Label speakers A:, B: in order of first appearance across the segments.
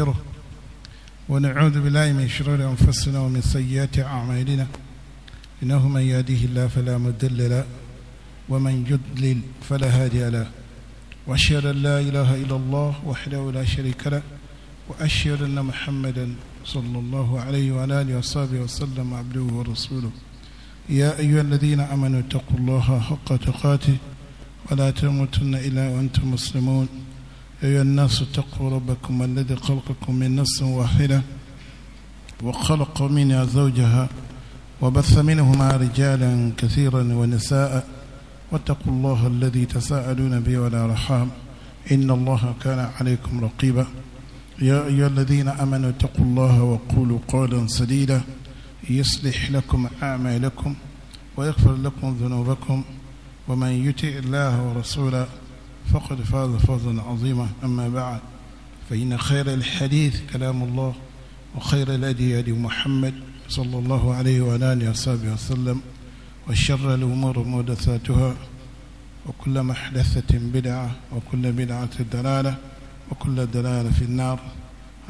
A: ونستغفره ونعوذ بالله من شرور أنفسنا ومن سيئات أعمالنا إنه من يهده الله فلا مضل له ومن يضلل فلا هادي له وأشهد أن لا إله إلا الله وحده لا شريك له وأشهد أن محمدا صلى الله عليه وعلى آله وصحبه وسلم عبده ورسوله يا أيها الذين آمنوا اتقوا الله حق تقاته ولا تموتن إلا وأنتم مسلمون أيها الناس اتقوا ربكم الذي خلقكم من نفس واحدة وخلق منها زوجها وبث منهما رجالا كثيرا ونساء واتقوا الله الذي تساءلون به والأرحام إن الله كان عليكم رقيبا يا أيها الذين أمنوا اتقوا الله وقولوا قولا سديدا يصلح لكم أعمالكم ويغفر لكم ذنوبكم ومن يطع الله ورسوله فقد فاز فوزا عظيما أما بعد فإن خير الحديث كلام الله وخير الأدي هدي محمد صلى الله عليه وعلى آله وصحبه وسلم وشر الأمور محدثاتها وكل محدثة بدعة وكل بدعة دلالة وكل دلالة في النار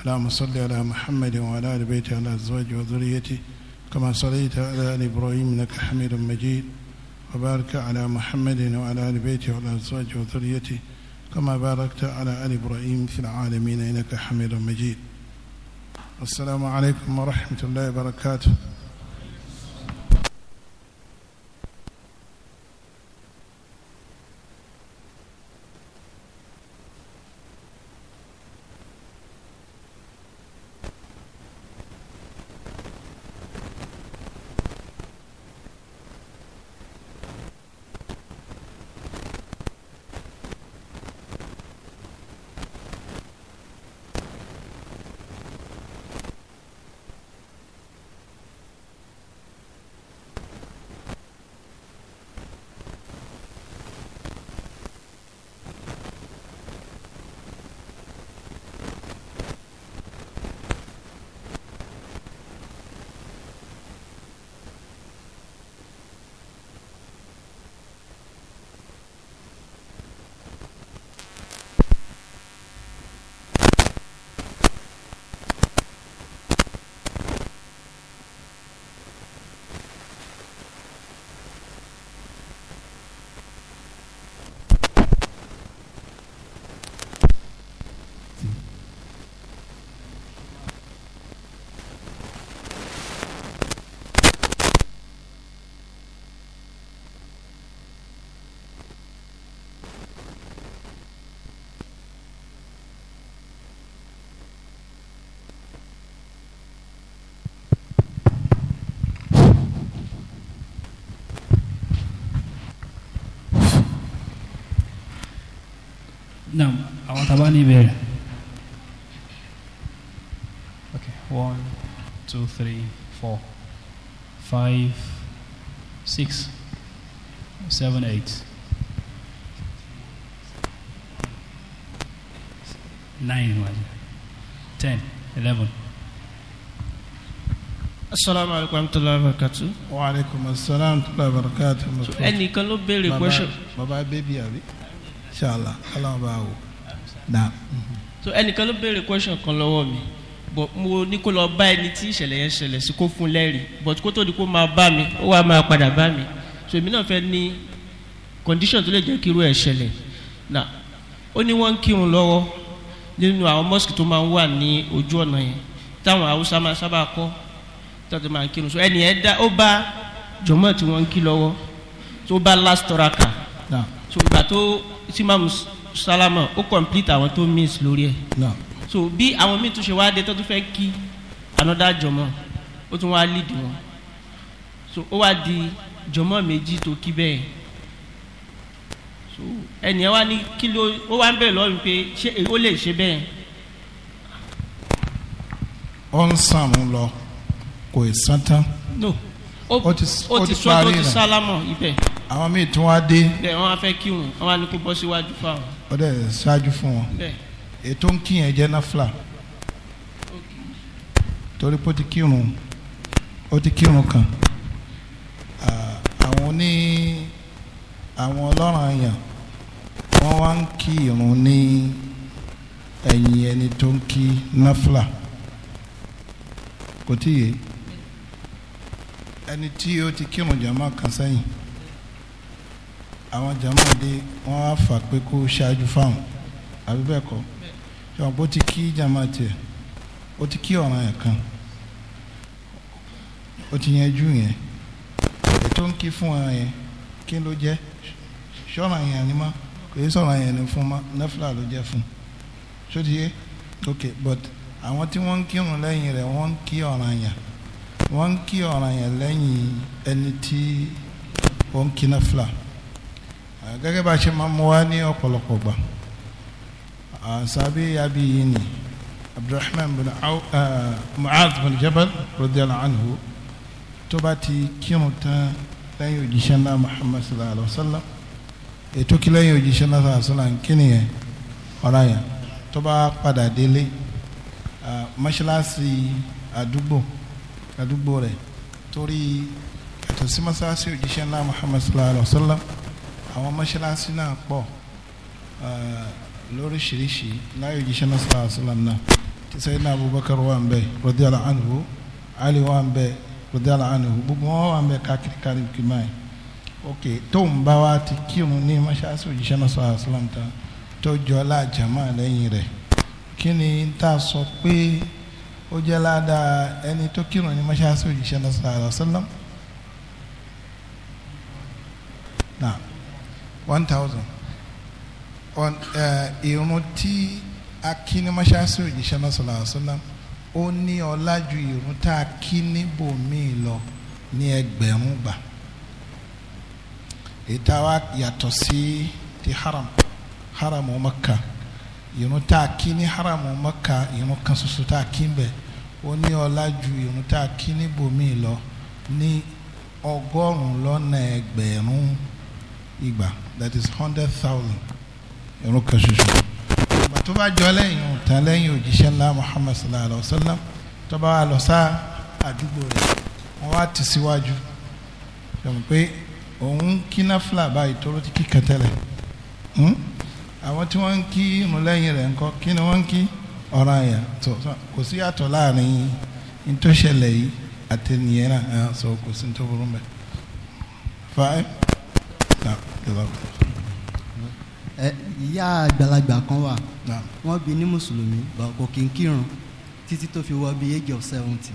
A: اللهم صل على محمد وعلى آل بيته وعلى أزواجه وذريته كما صليت على آل إبراهيم إنك حميد مجيد وبارك على محمد وعلى آل بيته وعلى أزواجه وذريته كما باركت على آل إبراهيم في العالمين إنك حميد مجيد السلام عليكم ورحمة الله وبركاته
B: àwọn tá a bá ní ìbéèrè. okay one two three four five six seven eight
C: nine one
A: ten eleven. asalaamu alaykum wa rahmatulahi wa barakatu. wa aleykum asalaam wa rahmatulahi wa barakatu. ẹnìkan ló béèrè question. baba bébí àbí. inshallah aláwọ̀ Now,
C: so ẹnìkan ló béèrè question kan lọ́wọ́ mi but mo ní kó lọ bá ẹni tí ìṣẹ̀lẹ̀ yẹn ṣẹlẹ̀ sí kó fún lẹ́rìí but kó tó di kó máa bá mi ó wàá máa padà bá mi so èmi náà fẹ́ ní condition tó lè jẹ́ kí irú ẹ̀ ṣẹlẹ̀ na ó ní wọ́n ń kírun lọ́wọ́ nínú àwọn mosque tó máa ń wà ní ojú ọ̀nà yẹn táwọn haúsá máa sábà kọ́ tọ́tù máa ń kírun so ẹnì yẹn dá ó bá jọ̀mọ́ tí wọ́n ń kí lọ́wọ́ tó bá last toraka so ìgbà tó tí máa sálámà ó complete àwọn tó miss lórí ẹ̀ so bí àwọn míì tún ṣe wá dé tó tún fẹ́ kí anoda jọmọ ó tún wá lead wọn so ó wá di jọmọ méjì tó kí bẹ́ẹ̀ so ẹnìyẹn wá ní kí ló ó wá ń bẹ̀rẹ̀ lọ́rùn pé ṣé ó lè ṣe bẹ́ẹ̀.
A: ó ń sàmù lọ kò ì sán tán.
C: no ó ti sọ tó ti sálámọ̀ ibẹ̀.
A: àwọn míì tún wá dé.
C: bẹ́ẹ̀ wọ́n á fẹ́ kí wọn wọ́n á ní kó bọ́ síwájú fáwọn
A: ó dẹ̀ ṣáájú fún wọn ètò ń kí yẹn jẹ́ náfìlà torí pé ó ti kírun ó ti kírun kan àwọn oní àwọn ọlọ́ràn àyàn wọ́n wá ń kí irun ní ẹ̀yìn ẹni tó ń kí náfìlà kò tíye ẹni tí ó ti kírun jàmá kan sẹ́yìn àwọn jàmáàdé wọ́n á fà pé kó ṣáájú fáwọn àbí bẹ́ẹ̀ kọ́ ṣùgbọ́n bó ti kí jàmáà tiẹ̀ ó ti kí ọ̀ràn ẹ̀ kan ó ti yanjú yẹn ètò ń kí fún ọ̀ràn yẹn kí ló jẹ́ ṣọ́ràn yẹn ni mọ́ kò yẹ sọ̀ràn yẹn ni fún mọ́ nẹ́fìlà ló jẹ́ fún ṣó yé ok but àwọn tí wọ́n ń kírun lẹ́yìn rẹ̀ wọ́n ń kí ọ̀ràn yẹn wọ́n ń kí ọ̀ràn yẹn lẹ́yìn ẹni tí wọ́n ń kí nẹ́fìlà gẹ́gẹ́ bá a ṣe máa mú wa ní ọ̀pọ̀lọpọ̀ gbà sábẹ́ abi yìí ni abdulrahman bin mu'adh bin jabal radiyallahu anhu tó bá ti kírun tán lẹ́yìn òjíṣẹ́ náà muhammad sallallahu alayhi wa sallam ètò kí lẹ́yìn òjíṣẹ́ náà sallallahu alayhi wa sallam kí nìyẹn ọ̀rá yẹn tó bá padà délé mọ́ṣáláṣí àdúgbò àdúgbò rẹ̀ torí yàtọ̀ sí mọ́ṣáláṣí òjíṣẹ́ náà muhammad sallallahu alayhi wa sallam àwọn mọ́ṣáláṣí náà pọ̀ eh, lóríṣiríṣi láyé òjíṣẹ́ náà sọ̀rọ̀ àṣìlám náà tí sẹ́yìn náà Abubakar wà ń bẹ̀ radiyallahu anhu Ali wà ń bẹ̀ radiyallahu anhu gbogbo wọn wà ń bẹ̀ káàkiri káàkiri kìmáì ok tóun bá wa ti kírun ní mọ́ṣáláṣí òjíṣẹ́ náà sọ̀rọ̀ àṣìlám tán tó jọ lájàmá lẹ́yìn rẹ̀ kí ni tá a sọ pé ó jẹ́ ládàá ẹni tó kírun ní mọ́ṣáláṣí òjíṣẹ́ náà sọ̀rọ̀ àṣìlám one thousand irun uh, tí a kí ní mọ́ṣáláṣí òjíṣẹ́ náà sọ̀rọ̀ àṣọlá ó ní ọlá ju irun tá a kí níbò lọ ní ẹgbẹ̀rún gbà ètò àwa yàtọ̀ sí ti haram haram Mẹ́kà irun tá a kí ní haram Mẹ́kà irun kan ṣoṣo tá a kí ń bẹ̀ ó ní ọlá ju irun tá a kí níbò lọ ní ọgọ́rùn-ún lọ́nà ẹgbẹ̀rún ìgbà that is hundred thousand irun kan ṣoṣo ìgbà tó bá jọ lẹ́yìn tán lẹ́yìn òjíṣẹ́ ńlá muhammad sallallahu alayhi wa sallam tó bá wà lọ sá àdúgbò rẹ̀ wọ́n wá ti síwájú sọ̀rọ̀ pé òun kí náfìlà báyìí tóró ti kí kẹtẹ́lẹ̀ hmm? àwọn tí wọ́n ń kí irun lẹ́yìn rẹ̀ ńkọ́ kí ni wọ́n ń kí ọ̀rọ̀ àyà tó kò sí àtọ̀ láàrin ní tó ṣẹlẹ̀ yìí àtẹnìyẹn náà sọ kò sí ní tó burú mbẹ́ five
B: ìyá àgbàlagbà kan wà wọ́n bí ní mùsùlùmí kò kí n kírun títí tó fi wọ bí age of seventy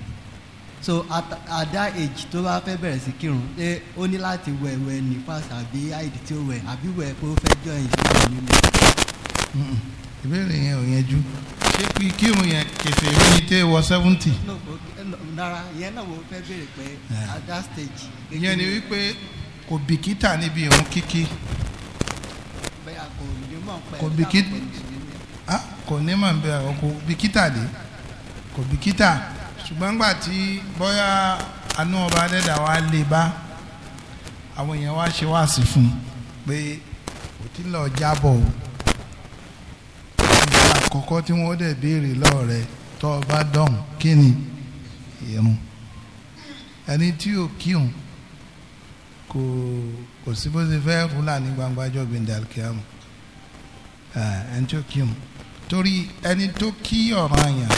B: so at, at that age tó bá fẹ́ bẹ̀rẹ̀ sí kírun ṣé ó ní láti wẹ̀ wẹ̀ ní pass àbí àìdí tí ó wẹ̀ àbí wẹ̀ pé ó fẹ́ join
A: ìṣẹ̀lẹ̀ nínú. ìbéèrè yẹn ò yanjú ṣé kí kírun yẹn kẹfẹ́ ní tẹ́ wọ seventy.
B: rárá ìyẹn náà mo fẹ́ béèrè pé at that stage.
A: ìyẹn ni wípé kò bìkítà níbi ìrún kíkí kò bìkítà kò ní mọ̀ ah, bẹ́ẹ̀ o kò bìkítà dé kò bìkítà ṣùgbọ́n gbà tí bóyá anú ọba adẹ́dà wa lè bá àwọn èèyàn wá ṣe wáàsí fún un pé kò tí lọ jábọ̀ o ìgbà àkọ́kọ́ tí wọ́n dẹ̀ béèrè lọ́ọ̀rẹ́ tó o bá dọ̀hùn kí ni ìrun ẹni tí ò kírun kò kò sí bó ṣe fẹ́ rúlà ní gbangba ọjọ́ gbendalkiam ẹni tó kí mu torí ẹni tó kí ọ̀ràn yàn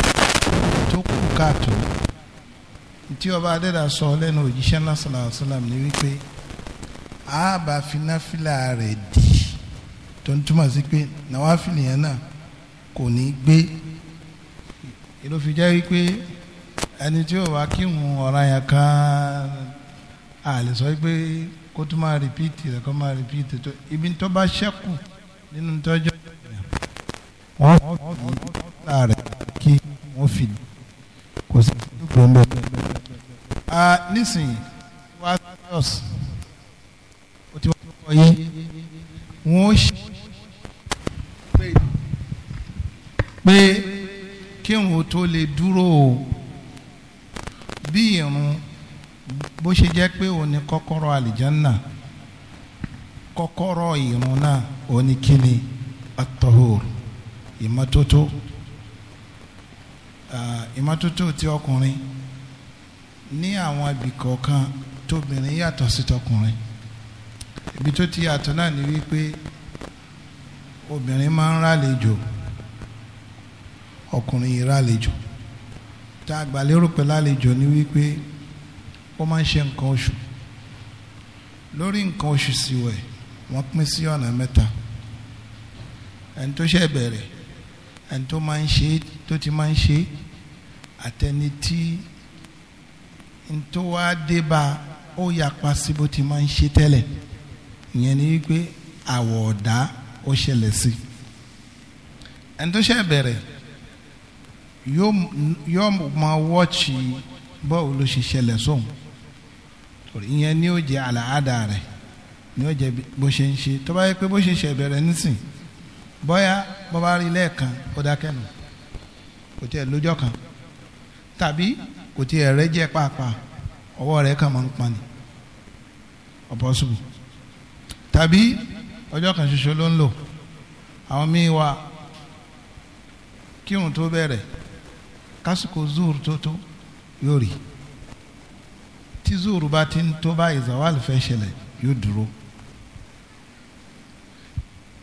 A: tó kú káàtó tí ọba adẹ́dà sọ lẹ́nu òjíṣẹ́ náà sàlàyé sàlàm ní wípé àbá fináfìlà rẹ̀ dì tó ń túmọ̀ sí pé nàwáfìlì yẹn náà kò ní gbé èló fi jẹ́ wípé ẹni tí ò wá kí mu ọ̀ràn yàn kan a lè sọ pé kó tún máa rìpíìtì rẹ̀ kó máa rìpíìtì tó ibi tó bá ṣẹ́kù nínú tọ́jọ́ wọ́n fi ta rẹ̀ kí wọ́n fi kò sí gbẹ̀mbẹ̀. nísìnyí wá serious ó ti wá kọ́ yé wọ́n ṣe pé kí n tó lè dúró bí irun bó ṣe jẹ́ pé òun ni kọ́kọ́rọ́ àlìjánná kọ́kọ́rọ́ ìrun náà òun ni kíni atọ́hùr ìmọ́tótó ìmọ́tótó ti ọkùnrin ní àwọn ibì kọ̀ọ̀kan tóbìnrin yàtọ̀ sí tọkùnrin ibi tó ti yàtọ̀ náà ni wípé obìnrin máa ń rálejò ọkùnrin yìí rálejò tá a gbà lérò pé lálejò ni wípé wọ́n máa ń ṣe nǹkan oṣù lórí nǹkan oṣù sì wẹ̀ wọ́n pín sí ọ̀nà mẹ́ta ẹni tó ṣẹ̀ bẹ̀rẹ̀ ẹni tó máa ń ṣe tó ti máa ń ṣe àtẹni tí n tó wá dé bá ó yapa sí bó ti máa ń ṣe tẹ́lẹ̀ ìyẹn ni wípé àwọ̀ ọ̀dá ó ṣẹlẹ̀ sí ẹni tó ṣẹ̀ bẹ̀rẹ̀ yóò máa wọ́ọ̀chì bọ́ọ̀ ló ṣe ṣẹlẹ̀ sóhun. ìyẹn ni ó jẹ àlàáda rẹ̀ ni ó jẹ bó ṣe ń ṣe tó bá yẹ pé bó ṣe ṣe nísìn bó bá rí ó kan tàbí kò tiẹ̀ rẹ́ jẹ́ pàápàá ọwọ́ rẹ̀ kàn máa ń pani ọ̀pọ̀sùn tàbí ọjọ́ kan ṣoṣo ló ń lò àwọn míì kírun tó kásìkò zuur tó tó yóò rí tí zuru bá ti ń tó báyìí zawali fẹ́ ṣẹlẹ̀ yóò dúró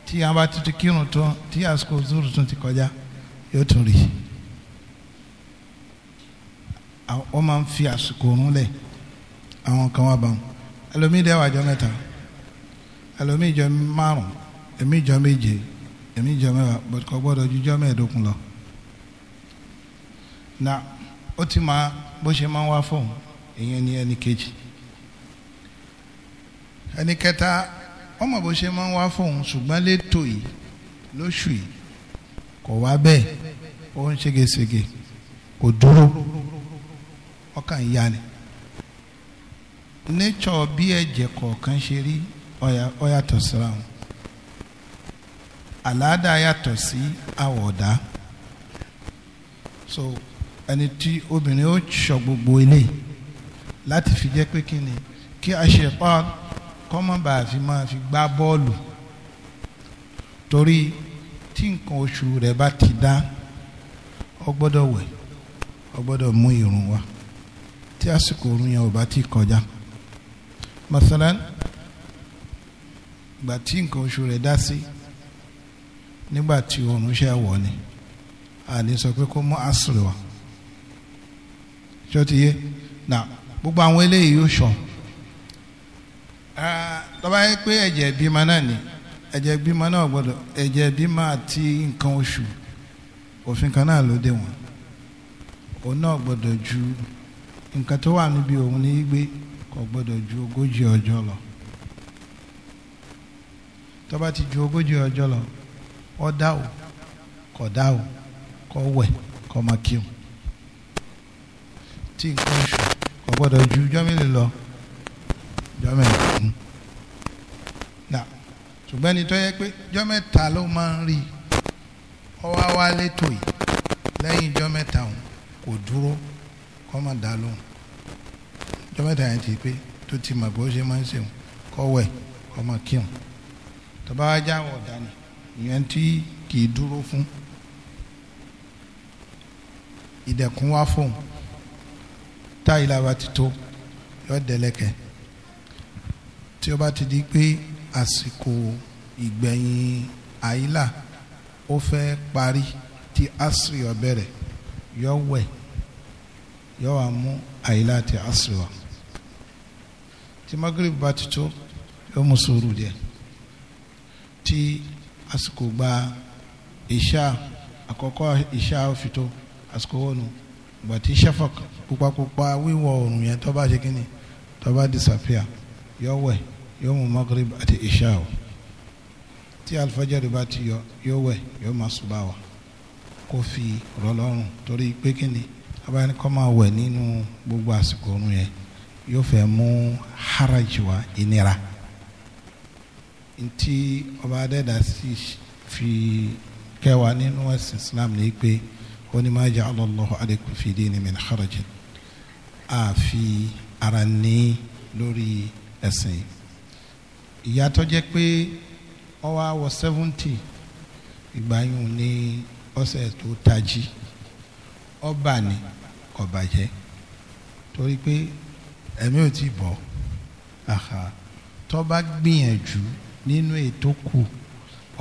A: tí a bá tuntun kírun tán tí àsìkò zuru tún ti kọjá yóò tún rí wọ́n máa ń fi àsìkò òrùn lẹ̀ àwọn kan wá bá wọn dẹ́ wàjọ mẹ́ta ẹlòmíì jọ márùn ẹ̀mí jọ méje ẹ̀mí jọ mẹ́wàá bọ̀dù gbọ́dọ̀ ju mẹ́ẹ̀ẹ́dógún lọ na ó ti máa bó ṣe máa ń wá fóun ìyẹn ní ẹni kejì ẹni kẹta ọmọ bó ṣe máa ń wá fóun ṣùgbọ́n létò yìí lóṣù yìí kò wá bẹ́ẹ̀ ó ń ṣégeṣége kò dúró ọkàn ìyá ni nature bí ẹ̀jẹ̀ kọ̀ọ̀kan ṣe rí ó síra wọn yàtọ̀ sí àwọ̀dá so ẹni tí obìnrin ó sọ gbogbo eléyìí. láti fi jẹ́ pé kí ni kí aṣetán kọ́mọ̀bà fi máa fi gbá bọ́ọ̀lù torí tí nǹkan oṣù rẹ̀ bá ti dá ọ gbọ́dọ̀ wẹ̀ ọ gbọ́dọ̀ mú irun wá tí àsìkò orun yẹn ò bá ti kọjá masalan gbà tí nǹkan oṣù rẹ̀ dá sí nígbà tí oorun ṣe wọ̀ ni a lè sọ pé kó mú àṣírí wa ṣó ti yé náà. gbogbo àwọn eléyìí yóò sọ ah, tọ́ba yẹ pé ẹ̀jẹ̀ bímọ náà ni ẹ̀jẹ̀ bímọ náà gbọ́dọ̀ ẹ̀jẹ̀ bímọ àti nǹkan oṣù òfin kan náà ló dé wọn òun náà gbọ́dọ̀ ju nǹkan tó wà níbi òun ní gbé kò gbọ́dọ̀ ju ogójì ọjọ́ lọ tọ́ba ti ju ogójì ọjọ́ lọ ọ dá o kò dá o kò wẹ̀ kò máa kí o tí nǹkan oṣù. gbọ́dọ̀ ju jọ́mìlì lọ jọ́mìlì hmm. na ṣùgbọ́n ẹni tó yẹ pé jọ́mẹ́ta ló máa ń rí ọwá wá létò yìí lẹ́yìn jọ́mẹ́ta òun kò dúró kọ́ máa dá lóhùn jọ́mẹ́ta yẹn ti pé tó ti mọ̀ bó ṣe máa ń ṣeun kọ́ wẹ̀ kọ́ máa kírun tọ́ba wá já wọ̀ dànù ìyẹn tí kì í dúró fún ìdẹ̀kùn wá fóun báyìí la wa ti tó yọ dẹlẹkẹ tí ó bá ti di pé àsìkò ìgbẹ̀yìn àyílà ó fẹ́ parí tí asiri ó bẹ̀rẹ̀ yọ wẹ̀ yọ wà mú àyílà tí asiri wa tí magrib bá ti tó yọ mú díẹ̀ tí àsìkò gba ìṣá àkọ́kọ́ ìṣá ó àsìkò wọnú bàtí shafak pupapupa wíwọ̀ oòrùn yẹn tó bá ṣe kí ni disappear yóò wẹ̀ yóò mú magrib àti isha tí alifajari bá ti yọ yóò wẹ̀ yóò máa ṣùgbọ́n wa kó fi rọlọ́rùn torí pé kí ni abáyẹn kọ́ máa wẹ̀ nínú gbogbo àsìkò oorun yẹn yóò fẹ́ mú haraj wa ìnira ntí ọba adẹ́dà sì fi kẹwàá nínú ẹ̀sìn Islam ní pé ó ní ma ja'ala Allahu alaykum fi dini min haraj àfi ara ní lórí ẹ̀sìn ìyàtọ̀ jẹ́ pé ó wá wọ seventy ìgbà yìí ní ọ̀sẹ̀ tó tají ọba ni kò bàjẹ́ torí pé ẹ̀mí ò tí bọ̀ àhà tọ́ba gbìyànjú nínú ètò kù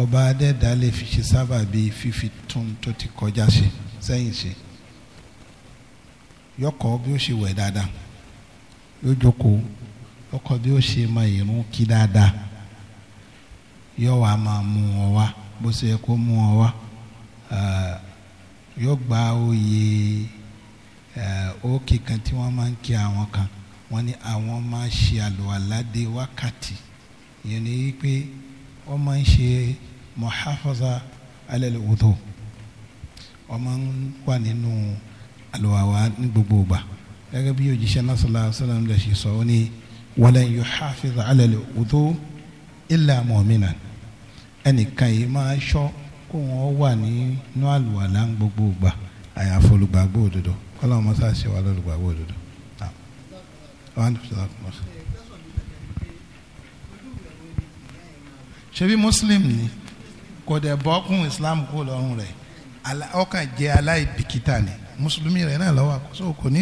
A: ọba adẹ́dàá lè fi ṣe sábàbí fífi tún ti kọjá ṣe sẹ́yìn ṣe yọkọ bí ó ṣe wẹ̀ dáadáa yóò jókòó yọkọ bí ó ṣe máa ìrun kí dáadáa yóò wá máa mú ọ wá bó ṣe yẹ kó mú ọ wá yóò gba oyè òkè kan tí wọ́n máa ń kí àwọn kan wọ́n ní àwọn máa ṣe àlùwàládé wákàtí ìyẹn ni wípé wọ́n máa ń ṣe muhafaza alẹ́ lè wúdò ọmọ ń wà nínú àlùwàwà ní gbogbo ìgbà gẹ́gẹ́ bí òjíṣẹ́ náà sallallahu alaihi wasallam lè ṣe sọ ọ́ ní walan yuhafiz ala al-wudu illa mu'minan ẹnìkan yìí máa ṣọ́ kó wọn wà nínú àlùwàlà ní gbogbo ìgbà àyàfi olùgbàgbọ́ òdodo kọ́lọ́mọ sáà ṣe wà lọ́lùgbàgbọ́ òdodo. ṣebí muslim ni kò dẹ̀ bọ́kún islam kó lọ́rùn rẹ̀ ọkàn jẹ́ aláìbìkítà ni mùsùlùmí rẹ̀ náà lọ́wọ́ àkóso kò ní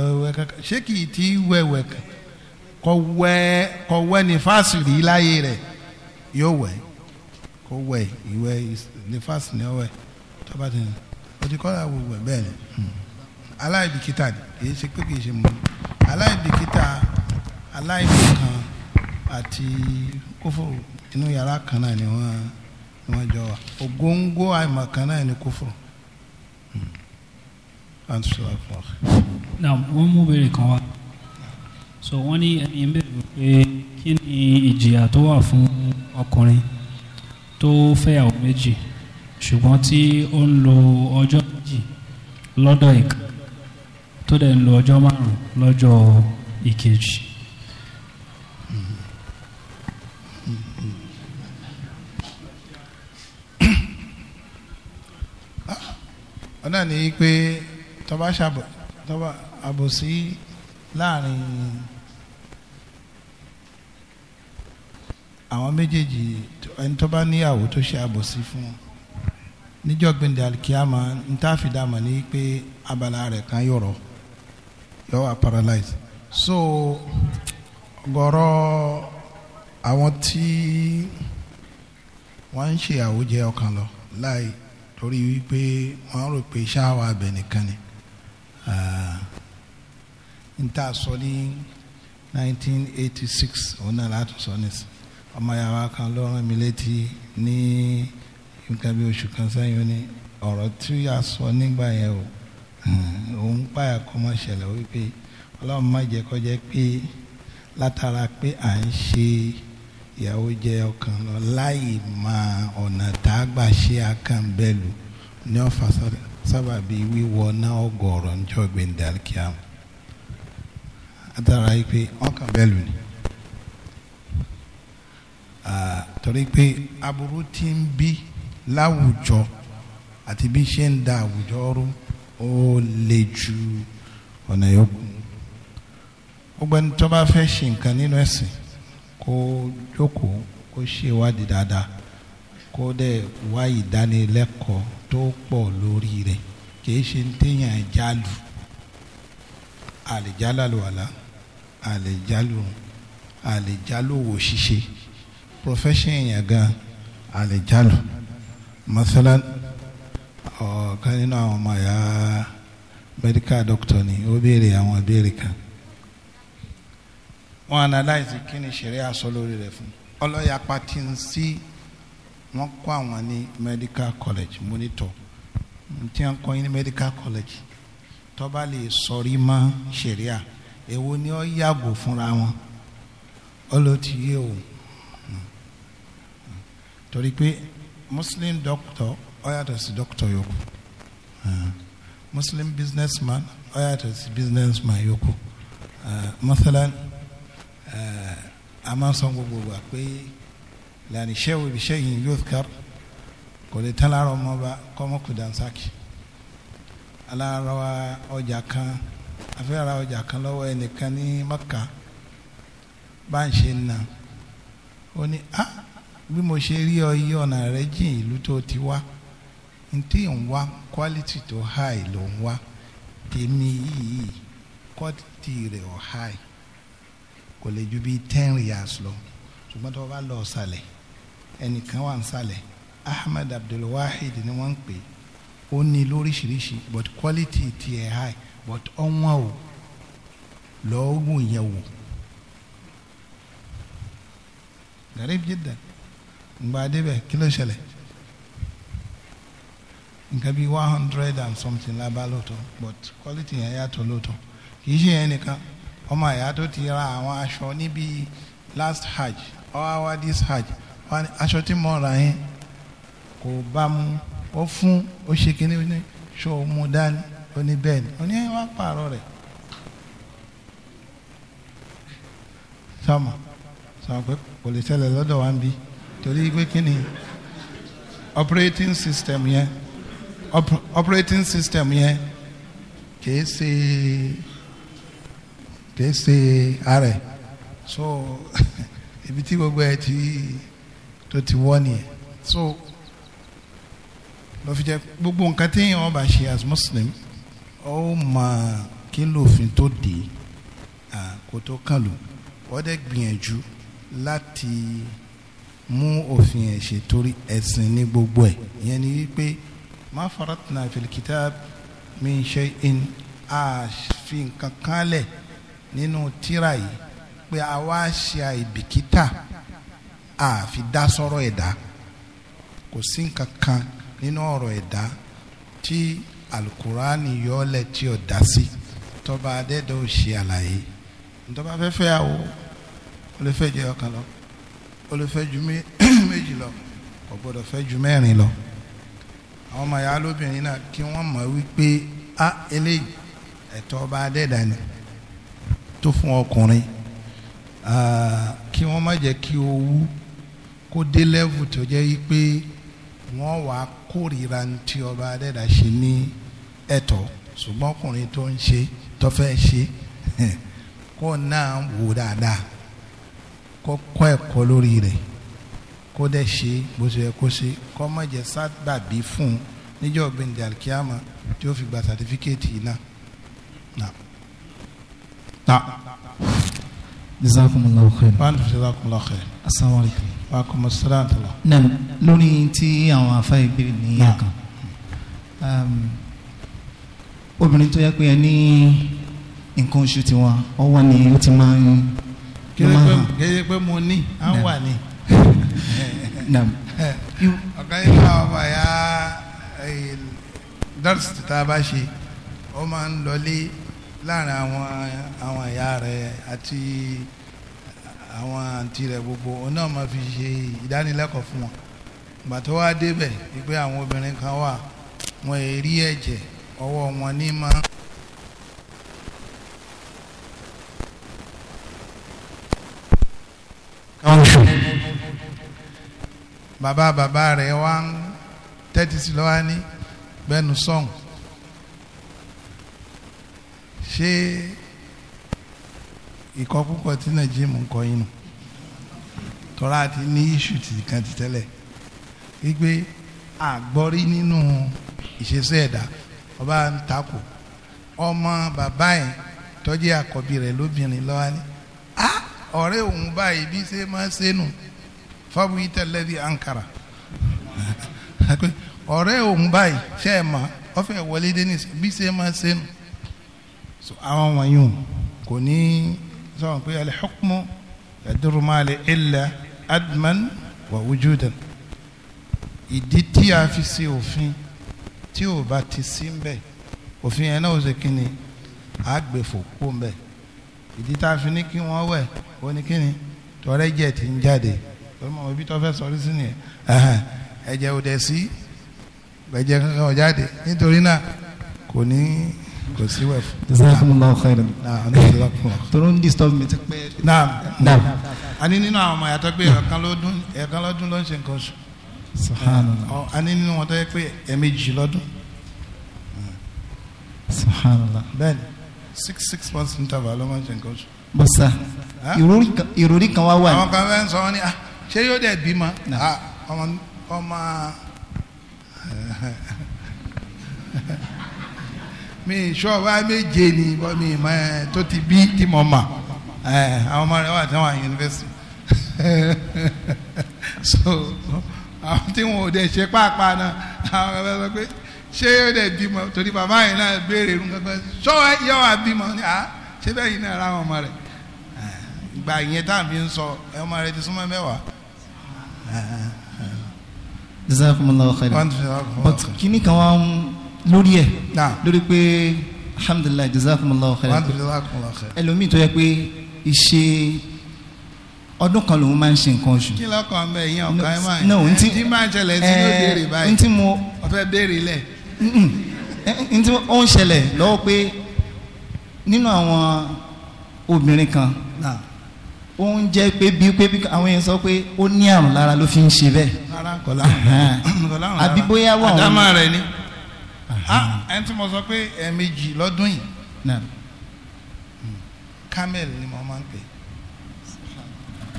A: ẹ̀wẹ̀ kankan ṣé kì í ti wẹ̀wẹ̀ kan kọ wẹ́ kọ wẹ́ ní fásitì láyé rẹ̀ yóò wẹ̀ kó wẹ̀ ìwẹ̀ ní fásitì ni ó wẹ̀ tọ́ba ti ní o ti kọ́ àwọn wẹ̀ bẹ́ẹ̀ ni hmm. aláìbìkítà ni kì í ṣe pé kì í ṣe mọ́ aláìbìkítà aláìmọ̀kan àti kófò inú yàrá kan náà ni wọ́n wọ́n jọ wà ògóńgó àìmọ̀kan náà ni kúfùrù. naam hmm. wọ́n mú béèrè kan wá so wọ́n ní ẹni ń
D: bèrè pé kí ni ìjìyà tó wà fún ọkùnrin tó fẹ́yàwó méjì ṣùgbọ́n tí ó ń lo ọjọ́ méjì lọ́dọ̀ ìkan tó dẹ̀ ń lo ọjọ́ márùn-ún ìkejì.
A: wọn náà ní pé tọba ṣàbọ tọba àbòsí láàrin àwọn méjèèjì ẹni tó bá níyàwó tó ṣe àbòsí fún un níjọ́ gbẹ̀ndẹ̀ alikiyama n ta fi dá mọ̀ ní pé abala rẹ̀ kan yọ̀rọ̀ yọ̀ wá paralyze so gọ̀rọ̀ àwọn tí wọ́n ń ṣe àwòjẹ ọkàn lọ láì. Like, torí wípé wọ́n rò pé iṣẹ́ àwọn abẹ nìkan ni n ta sọ ní 1986 òun náà látún sọ ní ọmọ yàrá kan ló rán mi létí ní nǹkan bí oṣù kan sẹ́yìn ní ọ̀rọ̀ tí a sọ nígbà yẹn o òun páyà kọ́mọ ṣẹlẹ̀ wípé ọlọ́run má jẹ́ kó jẹ́ pé látara pé à ń ṣe. ìyàwó jẹ́ ọkàn lọ láì mọ ọ̀nà tá a gbà ṣe akànbẹ́lú ní ọ̀fà sábàbí wíwọ náà ọgọ̀ọ̀rọ̀ níjọ́ gbẹ̀ndàkíá látara yìí pé ọkànbẹ́lú ni torí pé aburú ti ń bí láwùjọ àti bí ṣe ń da àwùjọ rú ó le ju ọ̀nà yòókù gbogbo ẹni tó nínú ẹ̀sìn. kó jókòó kó ṣèwádìí dáadáa kó dẹ̀ wá ìdánilẹ́kọ̀ọ́ tó pọ̀ lórí rẹ̀ kìí ṣe ń téèyàn jálù àlèjálàlùwàlà àlèjálù àlèjálòwò ṣíṣe profession èèyàn gan àlèjálù masalan ọ̀kan nínú àwọn ọmọ ẹ̀yà medical doctor ni ó béèrè àwọn béèrè kan. wọn analyze kí ni ṣeré aṣọ lórí rẹ̀ fún ọlọ́yà pati ń sí wọ́n kọ́ àwọn ní medical college monitor tí wọ́n kọ́ ní medical college tọ́ba lè sọrí mọ́ ṣẹ̀ríà èwo ni ó yàgò fúnra wọn ọlọ́tí yé o torí pé muslim doctor ó yàtọ̀ sí doctor yòókù muslim businessman ó yàtọ̀ sí businessman yòókù mathalan. a máa ń sọ gbogbo wa pé lànà iṣẹ́ wo ibi iṣẹ́ yìí yóò kẹ́r kò lè tán láàárọ̀ ọmọ bá aláàárọ̀ ọjà kan ọjà kan lọ́wọ́ ẹnìkan Maka bá ń ṣe nà ó ní a bí mo ṣe rí ọ yí ọ̀nà rẹ jìn ìlú tó ti wá ntí ń wá quality tó high ló ń wá tèmi yìí kọ́tì rẹ̀ ọ̀ kò lè ju bíi ten riyals lọ ṣùgbọ́n tó o bá lọ ọ̀sàlẹ̀ ẹnìkan wà ń Ahmed Abdulwahid ni wọ́n ń pè ó ní lóríṣiríṣi but quality ti ẹ̀ high but ọ̀wọ́n o lọ́ọ̀gùn yẹn wò garib jidda ngba débẹ̀ kí ló ṣẹlẹ̀ one hundred and something lábá lóòótọ́ but quality yẹn yàtọ̀ lóòótọ́ ọmọ ìyá tó ti ra àwọn aṣọ níbi last hajj ọwọ́ wá this hajj aṣọ tí mo ra yẹn kò bá mu ó fún ó ṣe kíní ó ní ṣó o mu dání ó ní bẹ́ẹ̀ ni ó ní wá pààrọ̀ rẹ̀ sọmọ sọmọ pé kò lè ṣẹlẹ̀ lọ́dọ̀ wa ń bí torí pé kíni operating system yẹn operating system yẹn kìí ṣe kìí ṣe ààrẹ so ibi tí gbogbo ẹ ti tó ti wọ́ nìyẹn so lọ́ fi jẹ́ gbogbo nǹkan tí wọ́n bá ṣe as muslim ó máa kí lófin tó dé kó tó kàn lò wọ́n dẹ̀ gbìyànjú láti mú òfin ẹ̀ ṣe torí ẹ̀sìn ní gbogbo ẹ̀ ìyẹn ni wípé ma faratna fil kitab min shay'in a fi nǹkan kan lẹ̀ nínú tírà yìí pé a wá ṣe àìbìkítà àfi dá sọ̀rọ̀ ẹ̀dá kò sí nǹkan kan nínú ọ̀rọ̀ ẹ̀dá tí alukurani yọọlẹ̀ tí o dá sí tọba adẹ́dọ̀ ò àlàyé ntọ́ba fẹ́fẹ́ àwọ ó lè lọ ó méjì lọ kò gbọ́dọ̀ fẹ́ lọ àwọn ọmọ ìyá lóbìnrin náà kí wípé a ah, eléyìí ẹ̀tọ́ ọba adẹ́dà ni. tó fún ọkùnrin kí wọ́n má jẹ́ kí owó kó dé lẹ́vù tó jẹ́ pé wọ́n wàá kórìíra tí ọba adẹ́dà ṣe ní ẹ̀tọ́ ṣùgbọ́n ọkùnrin tó ń ṣe tó fẹ́ ṣe kó náà wò dáadáa kó kọ́ ẹ̀kọ́ lórí rẹ̀ kó dẹ̀ ṣe bó ṣe yẹ kó ṣe kó má jẹ́ sábàbí fún un níjọ́ gbẹ̀ndẹ̀ alikiyama tí ó fi gba sàtífíkẹ́ẹ̀tì náà na. jazakumullahu khairan. wa antum jazakumullahu khairan. asalaamualeykum. wa akum salaam tala. naam lórí tí
B: àwọn afa ìbéèrè ní yà kan obìnrin tó yẹ pé ẹ ní nǹkan oṣù tiwọn ọ wà ní ó ti máa ń hàn.
A: kéde pé mo ní à ń wà ní. naam. ọ̀kan yìí máa wà ya eh, dọ́rọ̀sì tá a bá ṣe ó máa ń lọlé láàrin àwọn àwọn ìyá rẹ̀ àti àwọn àǹtí rẹ̀ gbogbo òun náà máa fi ṣe ìdánilẹ́kọ̀ọ́ fún wọn ìgbà tó wá débẹ̀ wípé àwọn obìnrin kan wà wọn è rí ẹ̀jẹ̀ ọwọ́ wọn ní máa. bàbá bàbá rẹ̀ wá ń tẹ́tí sí lọ́wọ́ ní gbẹ́nu sọ́hùn ṣé ìkọ́ púpọ̀ tí nàìjíríà ń kọ́ yín nù tọ́ra ti ní iṣu kan ti tẹ́lẹ̀ wípé àgbọ́rí nínú ìṣesí ẹ̀dá ọba ń takò ọmọ bàbá yẹn tọ́jú àkọ́bí rẹ̀ lóbìnrin lọ́wọ́ ni a ọ̀rẹ́ òun báyìí bí ṣe máa ṣe nù fáwọn ìtẹ̀lẹ́bí ankara ọ̀rẹ́ òun báyìí ṣe é ma ọ̀fẹ́ wọlé dé ní bí ṣe máa ṣe nù so àwọn wọ̀nyún kò ní sọ̀rọ̀ pé al-hukmu yaduru ma li illa adman wa wujudan ìdí tí a fi ṣe òfin tí ò bá ti sí mbẹ òfin yẹn náà ó ṣe kí ni àgbẹ̀fọ̀ kó mbẹ ìdí tá a fi ní kí wọ́n wẹ̀ ó ní kí ni tọ́rẹ́ ti ń jáde lọ́wọ́ ibi tó fẹ́ sọrí sí nìyẹn ẹ̀jẹ̀ ò dẹ̀ sí ẹ̀jẹ̀ kankan ò jáde nítorí náà kò ní kò sí wẹ̀ fún. jazakumullahu khairan. toro ń disturb mi ti pẹ́. naam naam. a ní nínú àwọn ọmọ yàtọ̀ pé ẹ̀ẹ̀kan lọ́dún ẹ̀ẹ̀kan lọ́dún ló ń ṣe nǹkan oṣù. subhanallah. a ní nínú wọn tó yẹ pé ẹ̀ẹ̀mejì lọ́dún.
E: subhanallah.
A: bẹ́ẹ̀ni six six months interval ló máa ń ṣe nǹkan oṣù. bọ́sà ìròrí kan wá wà. àwọn kan fẹ́ sọ wọn ni mi sọ wa méje ni bọ́ mi mọ ẹ tó ti bí tí mo mà ẹ àwọn ọmọ rẹ wà tí wọn à yunifásitì so àwọn tí wọn ò dẹ̀ ṣe pàápàá náà àwọn ọmọ rẹ sọ pé ṣé yóò dẹ̀ bímọ torí bàbá yẹn náà béèrè irun kankan sọ yọ wà bímọ ni à ah, ṣé bẹ́ẹ̀ yìí náà ra àwọn ọmọ rẹ ìgbà yẹn tá à ń fi sọ ọmọ rẹ ti súnmọ́ mẹ́wàá
B: jazakumullahu khairan but kini kan wa lórí ẹ̀ lórí pé alhamdulilayi jazakumullahu khairan
A: ẹlòmíì tó yẹ pé
B: iṣẹ́ ọdún kan lòun máa ń ṣe nǹkan oṣù.
A: kí lọ́kàn bẹ ìyẹn ọ̀kan ẹ̀ máa ń ṣe ẹ̀jí máa ń ṣẹlẹ̀ eh, tí ló
B: béèrè báyìí ntí mo ọ̀fẹ́ béèrè lẹ̀. Eh, eh, ntí ó ń ṣẹlẹ̀ lọ́wọ́ pé nínú àwọn obìnrin kan ó ń jẹ́ pé bí pé bí àwọn èèyàn sọ pé ó ní àrùn lára ló fi ń ṣe bẹ́ẹ̀.
A: àbí bóyá wà wọn. àdámà rẹ ni. Ah, ẹni tí mo sọ pé ẹ̀ẹ̀mejì lọ́dún yìí náà hmm. camel ni mo máa ń pè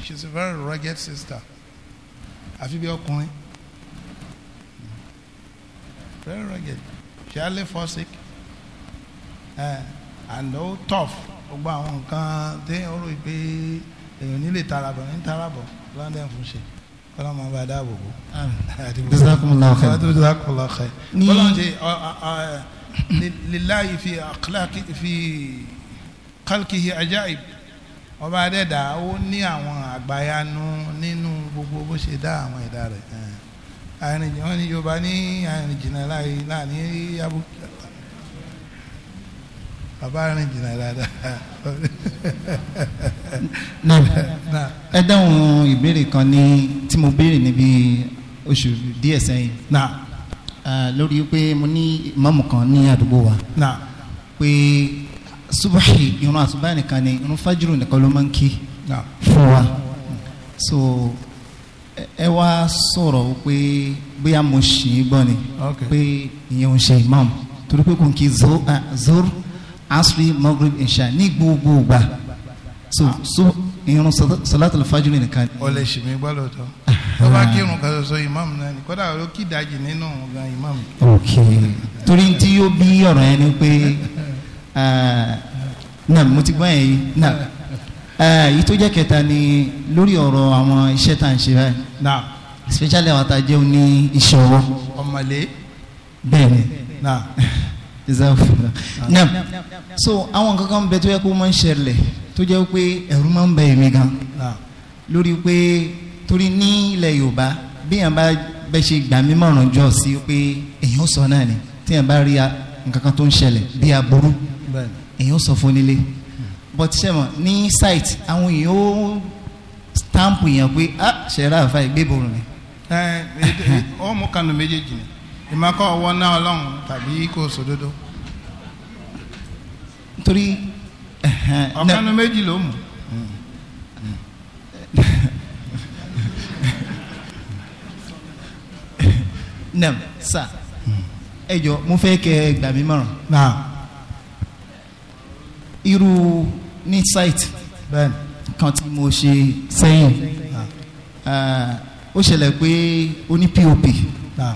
A: she is a very rugged sister àfi bí ọkùnrin hmm. very rugged she only fall sick eh, and ó tough gbogbo àwọn nǹkan tí ó rò pé èèyàn nílè tarabọ̀ ní tarabọ̀ london fún ṣe kọ́lá máa bá dáàbò bò. jazakumullahu khair. jazakumullahu khair. bọ́lá ń ṣe lillahi fi akhlaqi fi khalqihi ajaib ọba adẹ́dà ó ní àwọn àgbáyanu nínú gbogbo bó ṣe dá àwọn ẹ̀dá rẹ̀ àrìn wọn ni yorùbá ní àrìn jìnnà láàrin àbújá bàbá rìn jìnnà dáadáa.
B: ẹ dáhùn ìbéèrè kan ní tí mo béèrè níbi oṣù díẹ̀ sẹ́yìn. lórí pé mo ní ìmáàmù kan ní àdúgbò wa. pé subahi irun àsùbá nìkan ni irun fájúrò nìkan ló máa ń kí fún wa. so ẹ wá sọ̀rọ̀ pé bóyá mo ṣì í gbọ́ ni pé ìyẹn ò ń ṣe ìmáàmù torí pé kò ń kí zoro asri maghrib isha ní gbogbo gbà so so irun salatul fajiri nìkan. ọlẹ ṣèmi gbọ́dọ̀ tọ́ ah. tọ́ba kírun
A: kan ṣoṣo imam náà ni kódà ló kí ìdajì nínú gan imam.
B: ok torí tí yóò bí ọ̀rọ̀ yẹn ni pé ah, náà mo ti gbọ́ yẹn yìí náà ah, èyí tó jẹ́ kẹta ni lórí ọ̀rọ̀ àwọn iṣẹ́ tá à ń ṣe báyìí. náà especially àwọn àtàjẹun ní iṣẹ́ ọwọ́. ọmọlé. bẹ́ẹ̀ ni. náà. Ah. naam so àwọn kankan bẹ tó yẹ kó máa ń ṣẹlẹ̀ tó jẹ́ pé ẹ̀rù máa ń bẹ èmi gan ah. lórí pé torí ní ilẹ̀ Yorùbá bí èèyàn bá bẹ́ ṣe gbà mí mọ̀ràn jọ sí pé èèyàn sọ náà ni tí bá rí nǹkan kan tó ń ṣẹlẹ̀ bí aburú èèyàn sọ fún nílé hmm. but sẹ́mọ̀ ní site àwọn èèyàn ó stamp yẹn pé ah ṣẹ̀rá àfa ìgbébòrò ni.
A: Eh, ọmọ kanu méjèèjì ni ìmọ̀kọ́ ọwọ́ náà ọlọ́run tàbí kò sòdodo. torí ọ̀kanu méjì ló mú.
B: nam sa ẹ jọ mo fẹ́ kẹ́ ẹ gbà mí mọ̀ràn. irú ní site kan tí mo ṣe sẹ́yìn ó ṣẹlẹ̀ pé ó ní pop. Nah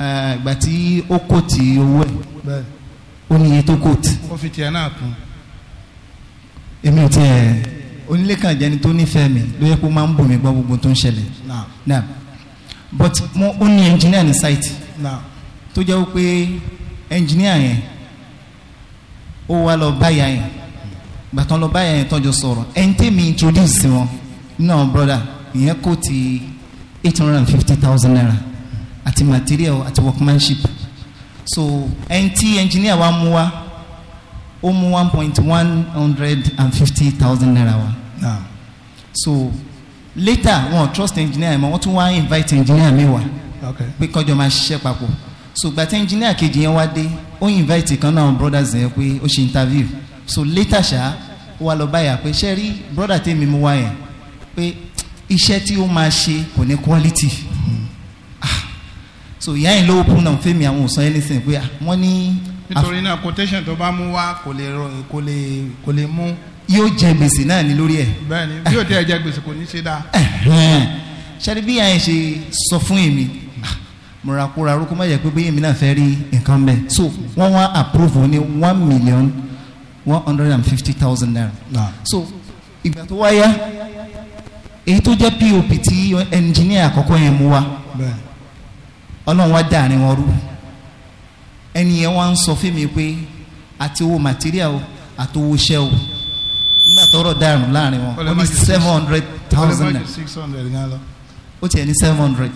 B: ìgbà tí ó kò tí owó ẹ̀ ó ní iye tó kò tí.
A: ó fi tiẹ̀ náà kún.
B: èmi ò tiẹ̀ onílé kan jẹ́ni tó nífẹ̀ẹ́ mi ló yẹ kó máa ń bò mí gbọ́ gbogbo tó ń ṣẹlẹ̀. na but mo ó ní engineer ní site. na tó jẹ́ pé engineer yẹn ó wá lọ báyà yẹn gbàtàn lọ báyà yẹn tọ́jú sọ̀rọ̀ ẹni tẹ́mi introduce wọn náà brother ìyẹn kò eight hundred and fifty thousand naira àti material àti workmanship so ẹni engineer wa mú wa ó mú one point one hundred and fifty thousand naira wa so later wọn trust engineer mọ wọn tún wá invite engineer mi wá pé kọjọ máa ṣiṣẹ́ papọ̀ so gba engineer kejì yẹn wá dé ó invite kan náà brothers yẹn pé ó ṣe interview so later ṣá ó wá lọ báyà pé ṣe rí brother tèmi mú wá yẹn pé iṣẹ́ tí ó máa ṣe kò ní quality. Mm -hmm so ìyá yìí lówó program fẹ́mi àwọn òsàn anything pé ah, wọ́n ní. nítorí
A: náà quotation tó bá mú wá kò lè kò lè kò lè mú.
B: yóò jẹ gbèsè náà ní lórí ẹ. bẹ́ẹ̀ni bí yóò
A: tẹ ẹ jẹ gbèsè kò ní ṣe dáa.
B: ṣáde bí ìyá yẹn ṣe sọ fún èmi ah, mo kóra arúgbó má yẹ pé bẹ́ẹ̀ èmi náà fẹ́ rí nǹkan mẹ́ so wọ́n wá approve ní one million one hundred and fifty thousand naira. so ìgbà tó wáyá èyí tó jẹ́ pop tí engineer àkọ́kọ́ yẹn mú wa. bẹ́ẹ̀ ọlọ́run wá dàrin wọn rú ẹni yẹn wá ń sọ fẹ́mi pé àti owó material àti owó iṣẹ́ o nígbà tọrọ dàrún láàrin wọn ó ní seven hundred thousand
A: naira
B: ó tiẹ̀ ní seven hundred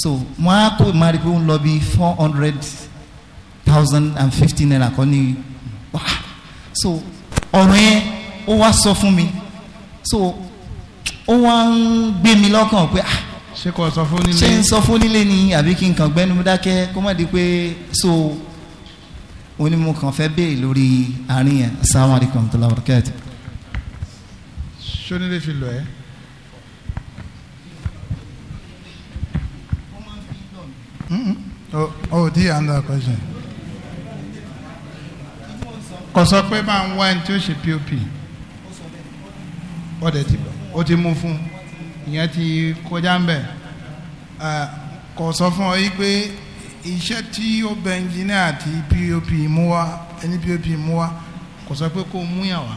B: so wọn á kó ìmárì pé ó ń lọ bí four hundred thousand and fifty naira kọ́ ni wá so ọ̀rọ̀ yẹn ó wá sọ fún mi so ó wá ń gbé mi lọ́kàn pé ah ṣé kò sọ fún nílé ṣé ń sọ fún nílé ni àbí kí n kàn gbẹnu dákẹ́ kó má di pé so onímọ̀ kan fẹ́ béè lórí àárín yẹn assalamu alaikum tó lọ́wọ́ kẹ́ẹ̀tì.
A: ṣó nílé fi lọ ẹ́. oh di another question. kò sọ pé máa ń wá ẹni tí ó ṣe pop ó ti mú fún un ìyẹn ti kọjá ń bẹ̀ kò sọ fún ọ yìí pé iṣẹ́ tí ó bẹ ẹnjìnìá àti pop mú wá ẹni pop mú wá kò sọ pé kó mú yàn wá.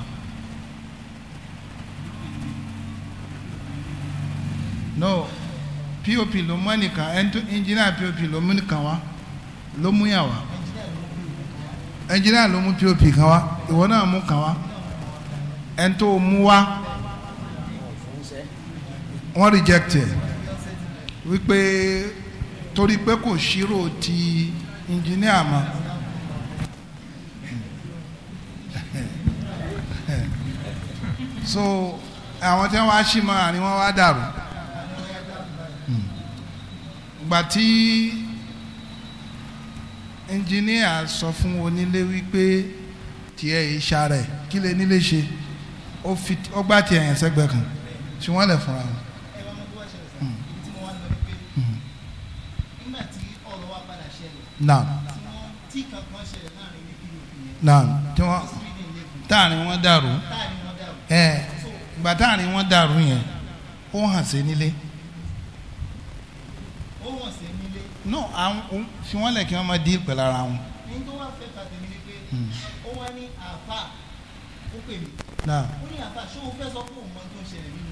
A: no pop ló mú ẹnìkan ẹnjìnìá pop ló mú ẹnìkan wá ló mú yàn wá ẹnjìnìá ló mú pop kan wá ìwọ náà mú kan wá ẹni tó mú wá wọ́n reject ẹ̀ wípé torí pé kò ṣírò ti engineer mọ́ so àwọn tí wọ́n wá ṣì mọ́ àní wọ́n wá dàrú ìgbà tí ẹnjìníà sọ fún onílé wípé tiẹ̀ ìṣà rẹ̀ kí lè nílé ṣe ó gba tiẹ̀ yẹn sẹ́gbẹ̀ẹ́ kan tí lè fúnra wọn. naam naam tí wọ́n táàrin wọn dàrú ẹ̀ ìgbà táàrin wọn dàrú yẹn o hàn sí nílé.
B: hàn sí nílé.
A: no àwọn fi wọn lẹ kí wọn ma dín pẹ̀lú ara wọn.
B: ní tó wá fẹ́ kàtẹ́ mi ni pé hmm. ó wá ní àáfà ó pè mí. naam ó ní ṣé o fẹ́ sọ fún òun tó ń ṣẹlẹ̀ nínú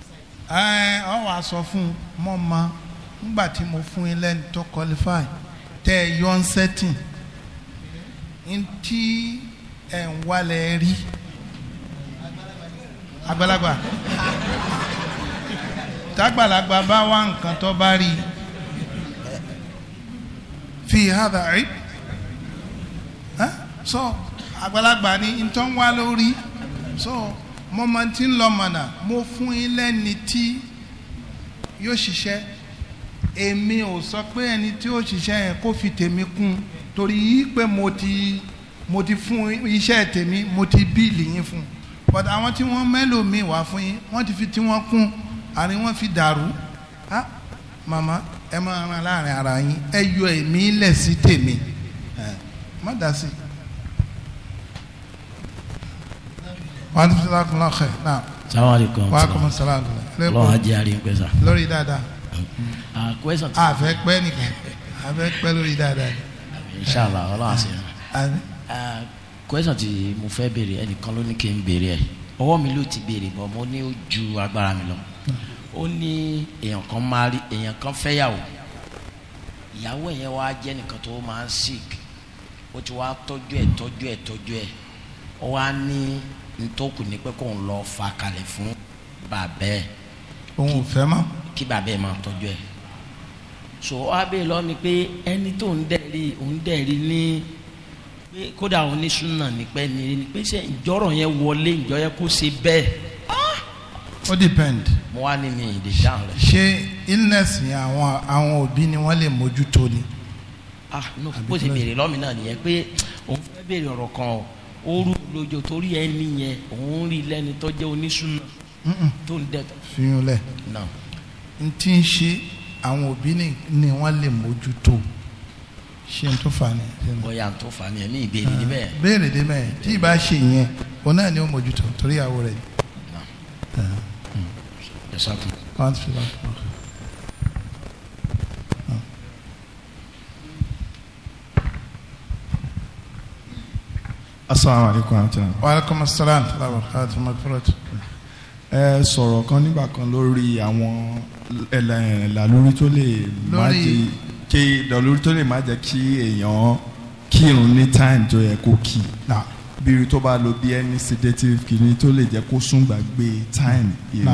A: ẹ ọ wàá sọ fún un ma mo fún tó qualify. tẹ́ ẹ yọ ń sẹ́tìn ntí ẹ̀ ń wálẹ̀ rí àgbàlagbà tágbàlagbà bá wá nǹkan tó bá rí fi hàdà rí so àgbàlagbà ni ntọ́ ń wá lórí so mo máa ti ń lọ mọ̀nà mo fún yín lẹ́ni tí yóò ṣiṣẹ́ èmi ò sọ pé ẹni tí ó ṣiṣẹ́ yẹn kó fi tèmi kún torí yìí pé mo ti mo ti fún iṣẹ́ tèmi mo ti bíìlì yín fún but àwọn tí wọ́n mẹ́lòmíì wá fún yín wọ́n ti fi tí wọ́n kún àní wọ́n fi dàrú ah màmá ẹ máa ran láàrin ara yín ẹ yọ èmi lẹ̀ sí tèmi má dá sí. wàá tún fi lákùn lọ́kẹ̀ náà. sáwọn àlekún sọlá ọlọ́run ajé àríyìn pẹ̀sà. lórí dáadáa. Uh, questions. a fẹ́ pẹ́ nìkan a fẹ́ pẹ́ lórí dáadáa.
F: inshallah ọlọ́run àṣẹ. Uh, question tí mo fẹ́ béèrè ẹnìkan ló ní kí n béèrè ẹ̀ ọwọ́ mi ló ti béèrè bọ̀ mo ní ó ju agbára mi lọ ó ní èèyàn kan máa rí èèyàn kan fẹ́yàwó ìyàwó yẹn wá jẹ́ nìkan tó máa ń sick ó ti wá tọ́jú ẹ̀ tọ́jú ẹ̀ tọ́jú ẹ̀ ó wá ní ntòkù ní pé kó ń lọ fa kalẹ̀ fún bàbẹ́ ẹ̀.
A: òun ò fẹ́ mọ́.
F: kí bàbẹ́ ẹ̀ máa tọ́jú ẹ̀ so ọ abẹ́ lọ mi pé ẹni tó ń dẹ̀rí òun dẹ̀rí ní pé kódà òun ní súnà nípẹ́ ni ni pé ṣe ìjọ́rọ̀ yẹn wọlé ìjọ yẹn kó ṣe bẹ́ẹ̀. Ah! ó depend. mo wá ní mi ìdè dáhùn rẹ. ṣé
A: illness yẹn àwọn àwọn òbí ni wọ́n lè mójútó ni.
F: ah no bó ṣe béèrè lọ́mì náà nìyẹn pé òun fẹ́ béèrè ọ̀rọ̀ kan o ó rú lójó torí ẹni yẹn òun rí lẹ́ni tó jẹ́ oníṣúná tó ń dẹ̀
A: fi hàn lẹ̀ ntí ń ṣe àwọn òbí ni wọ́n lè mójútó ṣe n tó fà ní.
F: bóyá n tó fà ní ní ìbéèrè dé ah, béèrè dé
A: tí ì ṣe ìyẹn òun náà ni ó mójútó torí ìyàwó rẹ̀ ni.
E: asalaamualeykum warahmatulahi. wa aleykum asalaam wa rahmatulahi. Eh, ẹ sọ̀rọ̀ kan nígbà kan lórí àwọn làlórí tó lè má jẹ kí làlórí tó lè má jẹ kí èèyàn kírun ní time tó yẹ kó kì náà bíi tó bá lo bí ẹni sedative kìíní tó lè jẹ kó sún gbàgbé time yẹn.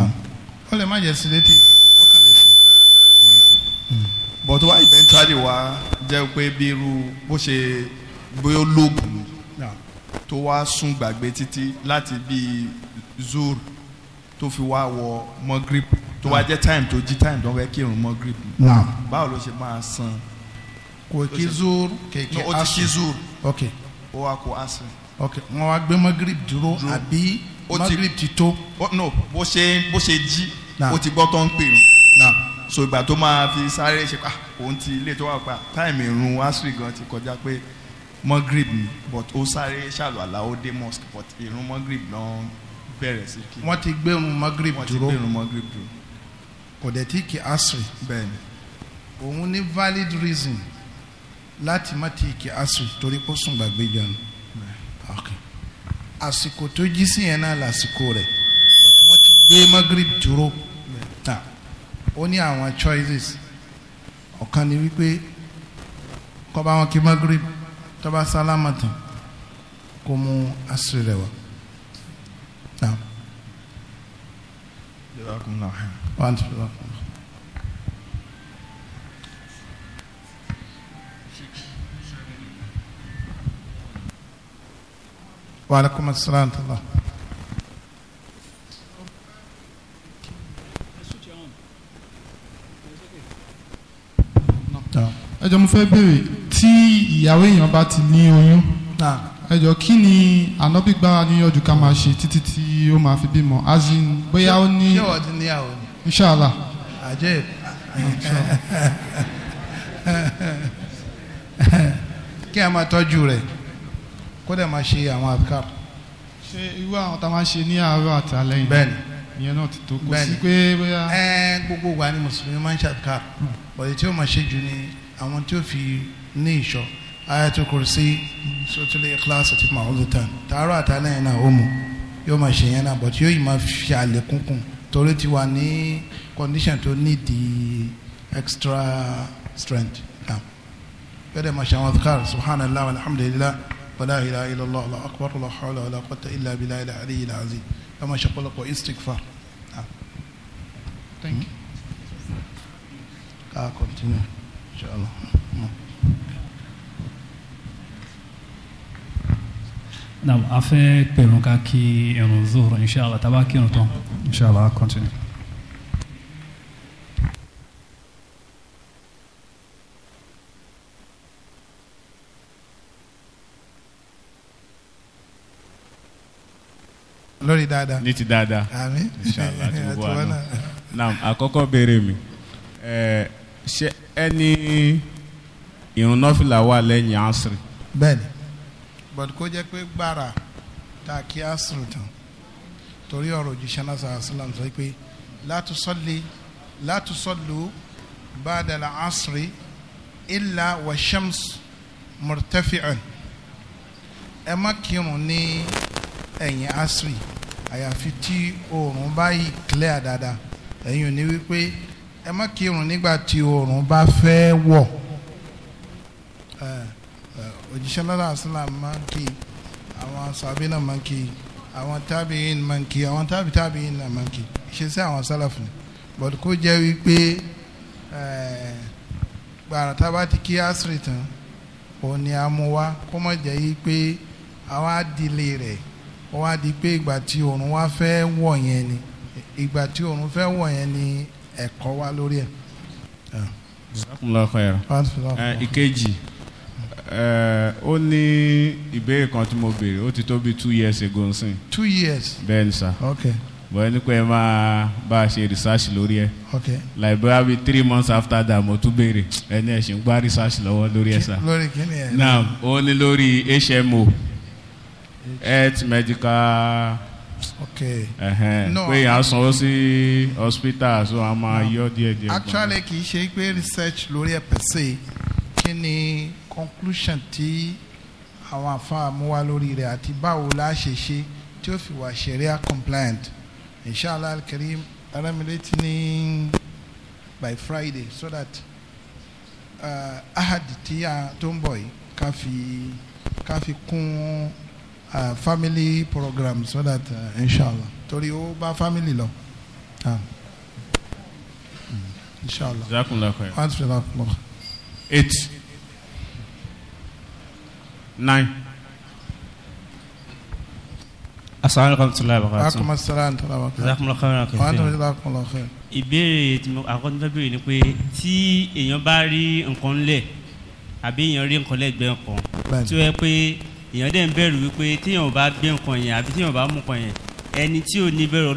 A: ó lè má jẹ sedative ó kà lè
E: fi. but wá eventually wá jẹ́ pé bí irú bó ṣe bóyá lóògùn tó wá sún gbàgbé títí láti bíi zoro tó fi wá wọ mọ́gírìp tó wá ah. jẹ́ time tó jí time tó fẹ́ kírun mọ́gírìp. báwo ló ṣe máa san. kò kí zuru kèké asu no o ti kí zuru. ok o wa kó asu. ok wọn wá gbé mọ́gírìp dúró àbí mọ́gírìp ti tó. no bó ṣe bó ṣe jí o ti gbọ́ tó ń pè mí. so ìgbà tó máa fi sáré ṣe pa ah, òun ti ilé tó wà pa time irun asiri gan ti kọjá pé mọ́gírìp ni but ó sáré ṣàlùwàlà ó dé mosque but irun mọ́gírìp náà bẹ̀rẹ̀ sí kí. wọ́n ti
A: gbẹ̀rún magrib dúró wọ́n ti gbẹ̀rún magrib dúró. kò dẹ̀ tí kì asiri. bẹ́ẹ̀ni.
E: òun ní valid
A: reason láti má ti kì asiri torí kó sùn gbàgbé jẹun. àsìkò tó jí sí yẹn náà lásìkò rẹ̀ wọ́n ti gbé magrib dúró. ó ní àwọn choices ọ̀kan ni wípé kó bá wọn kí magrib tó bá sálámà tán kó mú asiri rẹ̀ wá.
E: وأنت
A: وعليكم السلام ورحمة الله
E: ẹ jọ̀ọ́ mo fẹ́ béèrè tí ìyàwó èèyàn bá ti ní oyún ẹjọ kí ni ànábì gbá níyànjú ká máa ṣe títí tí ó máa fi bímọ azin bóyá ó ní. ṣé wọ́n
A: kí a máa tọ́jú rẹ̀ kó dẹ̀ máa ṣe àwọn àbíkà. ṣé irú àwọn tá a máa
E: ṣe ní àárọ̀ àtàlẹ́yìn. bẹ́ẹ̀ni ìyẹn náà ti tó kó sí
A: pé bóyá. gbogbo wa ni mùsùlùmí máa ń ṣàbíkà hmm. bọ̀dé tí ó máa ṣe jù ni àwọn tí ó fi ní ìṣọ́ ayatul kursi sotul ikhlas àti maholutan tààrọ̀ àtàlẹ́ yẹn náà ó mu yóò máa ṣe yẹn náà but yóò máa fi àlékún kún torí ti wà ní condition to need the extra strength Now, bẹ́ẹ̀ máa ṣe àwọn adhkar subhanallah alhamdulillah wàlá ilaha illallah allah akbar allah hawla wàlá quwwata illa billahi ilà aliyu ilà azi ẹ máa ṣe ọ̀pọ̀lọpọ̀ istighfar. Thank you. I'll hmm? ah, continue, inshallah.
B: naam a fẹ́ pẹ̀rùn ká kí irun zuhur inshallah tàbá kírun tán. inshallah continue.
A: lórí dáadáa. ní ti dáadáa. àmín inshallah ti gbogbo àná.
D: naam àkọ́kọ́ béèrè mi ṣé ẹni ìrun nọ́fìlà wà lẹ́yìn asiri.
A: bẹ́ẹ̀ni but kó jẹ́ pé gbàrà tá a kí asùn tán torí ọ̀rọ̀ òjíṣẹ́ náà sàrà sàlám sọ pé látúsọ́lé látúsọ́lù bàdàlà asùrì ìlà wàṣẹ́ms mọ̀tẹ́fìàn ẹ má kírun ní ẹ̀yìn asùrì àyàfi tí oòrùn bá yìí clear dáadáa ẹ̀yìn ò ní wípé ẹ má kírun nígbà tí oòrùn bá fẹ́ wọ̀ òjíṣẹ́ lára àṣìlá máa ń kí àwọn sàbí náà máa ń kí àwọn tábìín máa ń kí àwọn tábì tábìín náà máa ń kí ìṣesí àwọn sálàfù ni but kó jẹ́ wípé eh, gbàrà tá a bá ti kí àṣírí tán òun ni a mú wá kó má jẹ́ wípé àwọn àdìlé rẹ̀ ó wá di pé ìgbà tí òòrùn wá fẹ́ wọ̀ yẹn ni ìgbà tí òòrùn fẹ́ wọ̀ yẹn ni ẹ̀kọ́ wá lórí ẹ̀. Eh,
D: ìkejì. Eh, ó ní ìbéèrè kan tí mo béèrè ó ti tó bí two years ago ń two years. bẹ́ẹ̀ ni sà. okay. bọ̀ ẹni pé ẹ máa bá a ṣe research lórí ẹ. okay. like bóyá bíi three months after that mo tún béèrè ẹni ẹ̀ ṣì ń gba research lọ́wọ́ lórí ẹ sà. lórí kí ni ẹ. now ó ní lórí HMO health medical. okay. Uh-huh. no pé yàn sanwó sí hospital so a máa yọ díẹ̀ díẹ̀. actually
A: kì í ṣe pé research lórí ẹ pèsè kí ni conclusion tí àwọn àfáà mú wá lórí rẹ̀ àti báwo la ṣe ṣe tí ó fi wà sharia compliant inshallah alkarim aramileti ní by friday so that uh, ahad tí a tó ń bọ̀ yìí ká fi ká fi kún uh, family program so that uh, inshallah torí ó bá family lọ. Uh, inshallah.
D: Eight nine.
G: asalaamualeykum wa rahmatulahi wa
D: barakatuh. akuma salaam wa rahmatulahi wa barakatuh. jazakumullahu khairan kẹfẹ. wa rahmatulahi wa
A: jazakumullahu khairan.
D: ìbéèrè tí mo àkọ́kọ́ nípa béèrè tí èèyàn bá rí nǹkan ńlẹ̀ àbí èèyàn rí nǹkan lẹ́gbẹ̀ẹ́ nǹkan tí ó yẹ pé èèyàn dẹ̀ ń bẹ̀rù wípé téèyàn bá gbé nǹkan yẹn àbí téèyàn bá mú nǹkan yẹn ẹni tí ò ní bẹ̀rù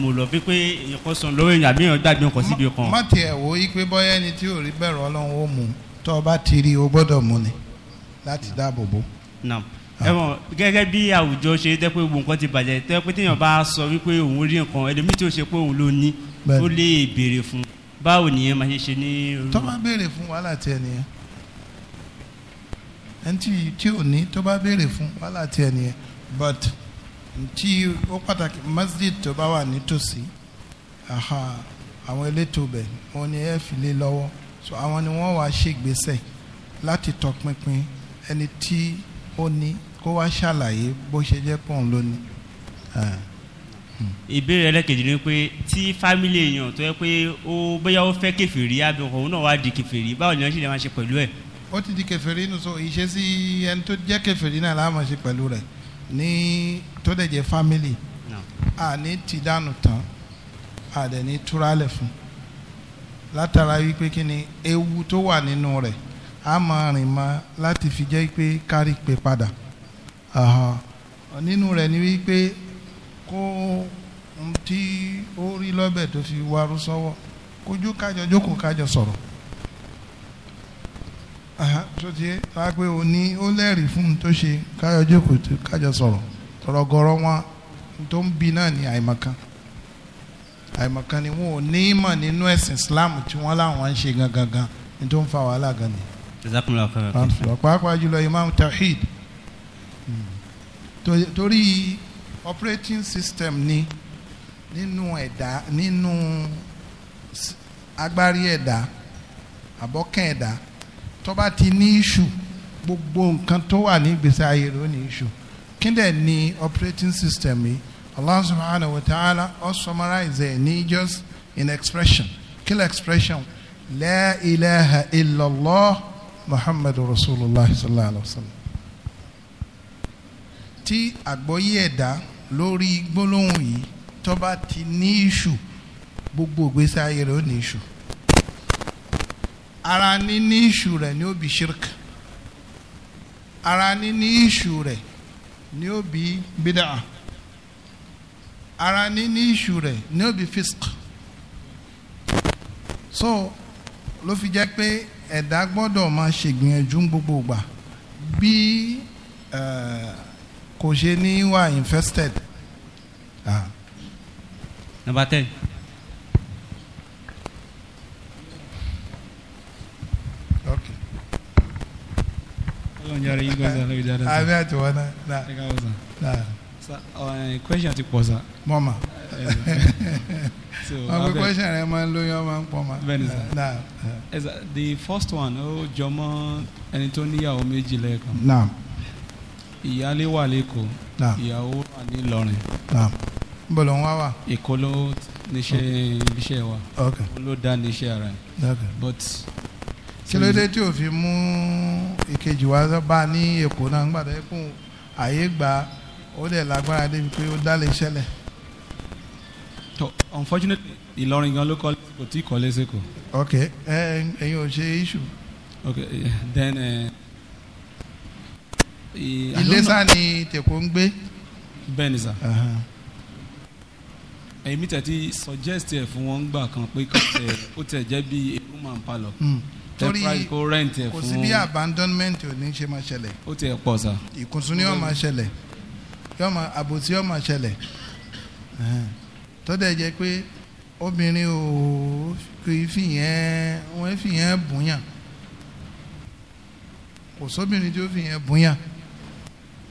D: mu lọ bí pé èèyàn kan sàn lọ́wọ́ èèyàn àbí èèyàn gbàgbé nǹkan síbi kan. má tiẹ̀ wo
A: ipe bọ́yá ẹni tí ò rí bẹ̀rù ọlọ́run ó mú un tó o bá ti rí o gbọ́dọ̀ mú ni láti dáàbò bò.
D: ẹ̀wọ̀n gẹ́gẹ́ bí àwùjọ ṣe jẹ́ pé gbogbo nǹkan ti bàjẹ́ tẹ́ pé téèyàn bá sọ wípé òun rí nǹkan ẹlòmíì tí ò ṣe pé òun ló ní ó lè béèrè fún báwo nìyẹn máa ṣe ṣe ní. tó bá
A: béèrè fún wàhálà tiẹ̀ nìyẹn ẹnití tí ò ní tó bá béèrè fún wàhálà tiẹ̀ nìyẹn but tí ó pàtàkì masjid tó bá wà nítòsí àwọn elétò bẹ̀ wọn ni ẹ fi lé lọ́wọ́ so àwọn ni wọ́n wàá ṣègbésẹ̀ láti tọpinpin ẹni tí ó ní kó wá ṣàlàyé bó ṣe jẹ́ pọ̀ ló ní. Eh.
D: ìbéèrè ẹlẹ́kejì ni pé tí fámìlì èèyàn tó yẹ pé ó bóyá ó fẹ́ kẹfìrí àbí òun náà wá di kẹfìrí báwo ni wọ́n ṣe lè máa ṣe pẹ̀lú ẹ̀.
A: ó ti di kẹfìrí nù so ìṣesí ẹni tó jẹ́ kẹfìrí náà láàmú ṣe pẹ̀lú rẹ̀ ní tó dẹ̀ jẹ́ fámìlì àní tìdánù tán àdẹ̀ ní túrálẹ̀ fún un. látara wípé kí ni ewu tó wà nínú rẹ̀ a máa rìn mọ́ láti fi jẹ́ pé kárí pé padà nínú rẹ̀ ni wípé kó tí ó rí lọ́bẹ̀ tó fi warú sọ́wọ́ kójú kájọ jókòó kájọ sọ̀rọ̀ sotie lápé o ní ó lẹ́rìí fún un tó ṣe kájọ jókòó kájọ sọ̀rọ̀ tọ̀rọ̀gọ̀rọ̀ wọn tó ń bi náà ní àìmọ̀kan. àìmọ̀kan ni wọn ò ní ìmọ̀ nínú ẹ̀sìn Islam tí wọ́n láwọn ń ṣe gangan gan ní tó ń fa wàhálà gan ni. pàápàá jùlọ imam tawhid hmm. torí operating system ni nínú ẹ̀dá nínú agbárí ẹ̀dá àbọ̀kẹ́ ẹ̀dá tó bá ti ní iṣu gbogbo nǹkan tó wà ní ìgbésí ayé ló ní iṣu kí ni operating system yìí Allah subhanahu wa ta'ala ó summarize ẹ̀ ní just in expression kill expression la الله illallah muhammadu rasulillah sallallahu alaihi wa sallam. tí àgbọ́yé ẹ̀dá lórí gbólóhùn yìí tó bá ti ní ìṣù gbogbo ìgbésí ayé rẹ̀ ó ní ìṣù ara ní ní ìṣù rẹ̀ ní òbí shirk ara ní ní ìṣù rẹ̀ ní òbí bídà ara ní ní ìṣù rẹ̀ ní òbí fisk so ló fi jẹ́ pé ẹ̀dá gbọ́dọ̀ máa ṣègbìyànjú gbogbo ìgbà bí kò ṣe ní wà infested.
D: Number ten.
G: Okay.
E: Ọlọ́run
A: àtiwọ́n náà.
G: Eh, question ti pọ̀ sa. mọ́mà ọgbẹ́ question rẹ máa ń lóyún ọmọ ń pọ̀ ma. bẹ́ẹ̀ni eh, sir the first one ó jọmọ́ ẹni tó níyàwó méjì lẹ́ẹ̀kan ìyáálé wà lẹ́kọ̀ọ́ ìyàwó wà ní Ìlọrin bọ̀lọ̀ ń wá wà. èkó ló níṣẹ́ iṣẹ́ wa ló dá níṣẹ́ ara ẹ̀ but.
A: kí ló dé tí o fi mú ìkejì wá bá a ní èkó náà ń gbàdá ẹkún àyè gba ó dẹ̀ lágbára débi pé ó dá ṣẹlẹ̀.
G: tó unfortunately Ìlọrin gan ló kọ́ kò tí ì kọ́ lé sẹ́kọ̀ọ́.
A: ok ẹyin ò ṣe issue.
G: ok then. Eh, Iléṣà
A: ni tèkó ń gbé. bẹ́ẹ̀ ni sà
G: èmi tẹ̀tí suggest ẹ̀ fún wọn gbà kan pé ó tẹ̀ jẹ́ bí èrú màá ń palọ̀ torí kò sí bí
A: abandonment ò ní ṣe máa ṣẹlẹ̀ ó tẹ̀ pọ̀ sà ìkùnsùn ni wọ́n máa ṣẹlẹ̀ yọmọ àbòsí ọmọ ṣẹlẹ̀ tọ́dẹ̀ jẹ́ pé obìnrin ò kì í fìyẹn wọ́n fìyẹn bùnyàn kò sóbìnrin tí ó fìyẹn bùnyàn.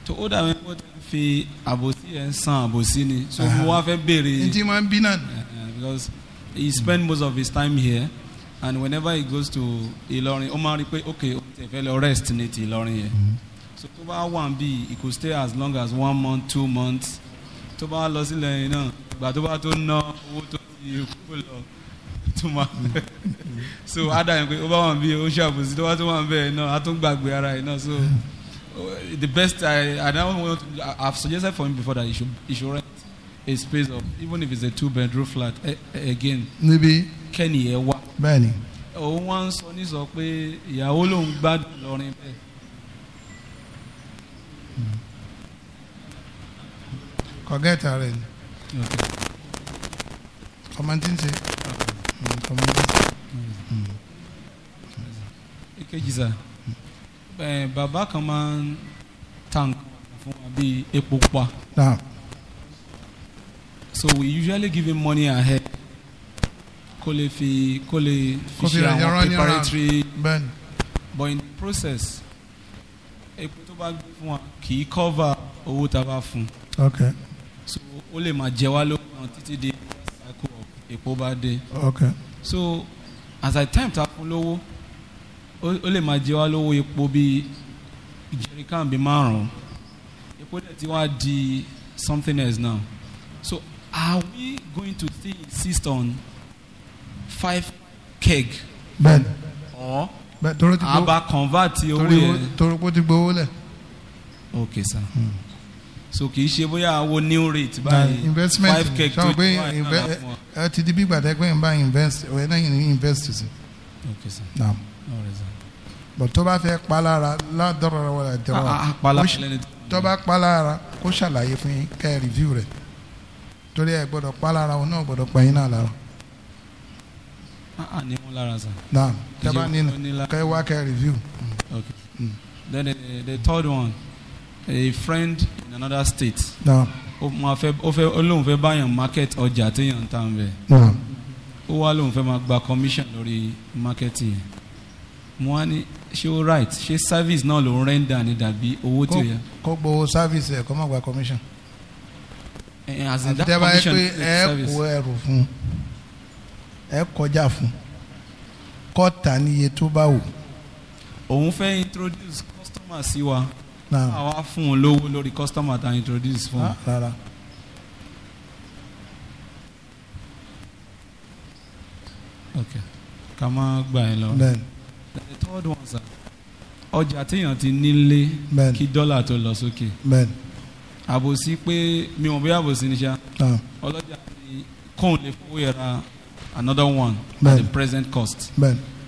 G: tó ó dàbí wọ́n ti fi àbòsí yẹn san àbòsí ni so mo wá fẹ́ béèrè. n ti máa ń bí náà. because he spend most of his time here and whenever he goes to Ìlọrin ó máa rí i pé ok ó ti fẹ́ lọ rest ní ti Ìlọrin yẹn. Mm-hmm so tó bá wà níbí it could stay as long as one month two months tó bá lọ sílẹ̀ yìí náà ìgbà tó bá tó ná owó tó ti kú lọ tó máa bẹ̀ so á dà yẹn pé ó bá wà níbí ó ṣàbòsí tó bá tó wà níbẹ̀ náà á tún gbàgbé ara yìí náà so the best I I now want to, I have suggested for him before that he should he should rent a space of even if it's a two bedroom flat a, a, again. níbi kẹ́ni ẹ̀ wá. bẹ́ẹ̀ni. òun wá ń sọ ní sọ pé ìyàwó lòun gbádùn lọ́rin bẹ́ẹ̀.
A: kọ̀gẹ́ta rẹ̀ ni kọ̀mọ̀tì ń ṣe kọ̀mọ̀tì ń ṣe.
G: ìkejì sà eh, bàbá kan máa ń tank fún wa bíi epo pupa. so we usually give him money ahead kó lè fi kó lè fi ṣe àwọn preparatory but in the process epo tó bá gbé fún wa kì cover owó tá a bá okay ó lè máa jẹ wá lóhùn náà títí di epo bá dé. okay. so as i time ta fún lówó ó lè máa jẹ wá lówó epo bíi jerrycan bíi márùn-ún epo dẹ̀ ti wá di something else now so are we going to still insist on five keg. bẹ́ẹ̀ni.
A: or bẹ́ẹ̀ toro ti gbowó. aba convert owó yẹn. torí pé ó ti gbowó lẹ̀.
G: okay sir. Hmm so kì í ṣe bóyá àwo new rate báyìí five k two, jù báyìí náà láti mọ.
A: ẹ ti di bí gbàdá pé bá invest ẹ náà yìí ní invest sí. ok sir naam bọ̀ tó bá fẹ́ palára ládọ́rọ̀ wọlé àdéhùn tó bá palára kó ṣàlàyé fún yín kẹ́ ẹ review rẹ̀ torí ẹ gbọ́dọ̀ palára òun náà gbọ́dọ̀ pa yín náà lára.
G: a ní wọn lára sa. naam
A: tẹ́ bá nínú kẹ́ wá kẹ́ review. ok mm. Mm.
G: then the, eh, the third one a friend another state. ó máa fẹ́ ó fẹ́ ó lóun fẹ́ báyàn market ọjà téèyàn ń tà ń bẹ̀. ó wá lóun fẹ́ máa gba commission lórí market yẹn. mo wá ní ṣé ó right ṣé service náà ló ń render ni dàbí owó tí ó yẹ.
A: kó gbowó service ẹ̀ kó má gba commission.
G: Eh, eh, as that commission service. àti tẹ́ bá yẹ pé ẹ kó ẹrù
A: fún ẹ kọjá fún kọ́ta níye tó bá wù.
G: òun fẹ́ introduce customer sí wa àwa fún un lówó lórí customer ta introduce fún un. Ah, okay ká má gbà yín lọ. the third one sir ọjà téèyàn ti nílé kí dọ́là tó lọ sókè àbòsí pé mi ò bí àbòsí ni ṣá ah. ọlọ́jà ni kóun lè fowó yẹra another one ben. at the present cost.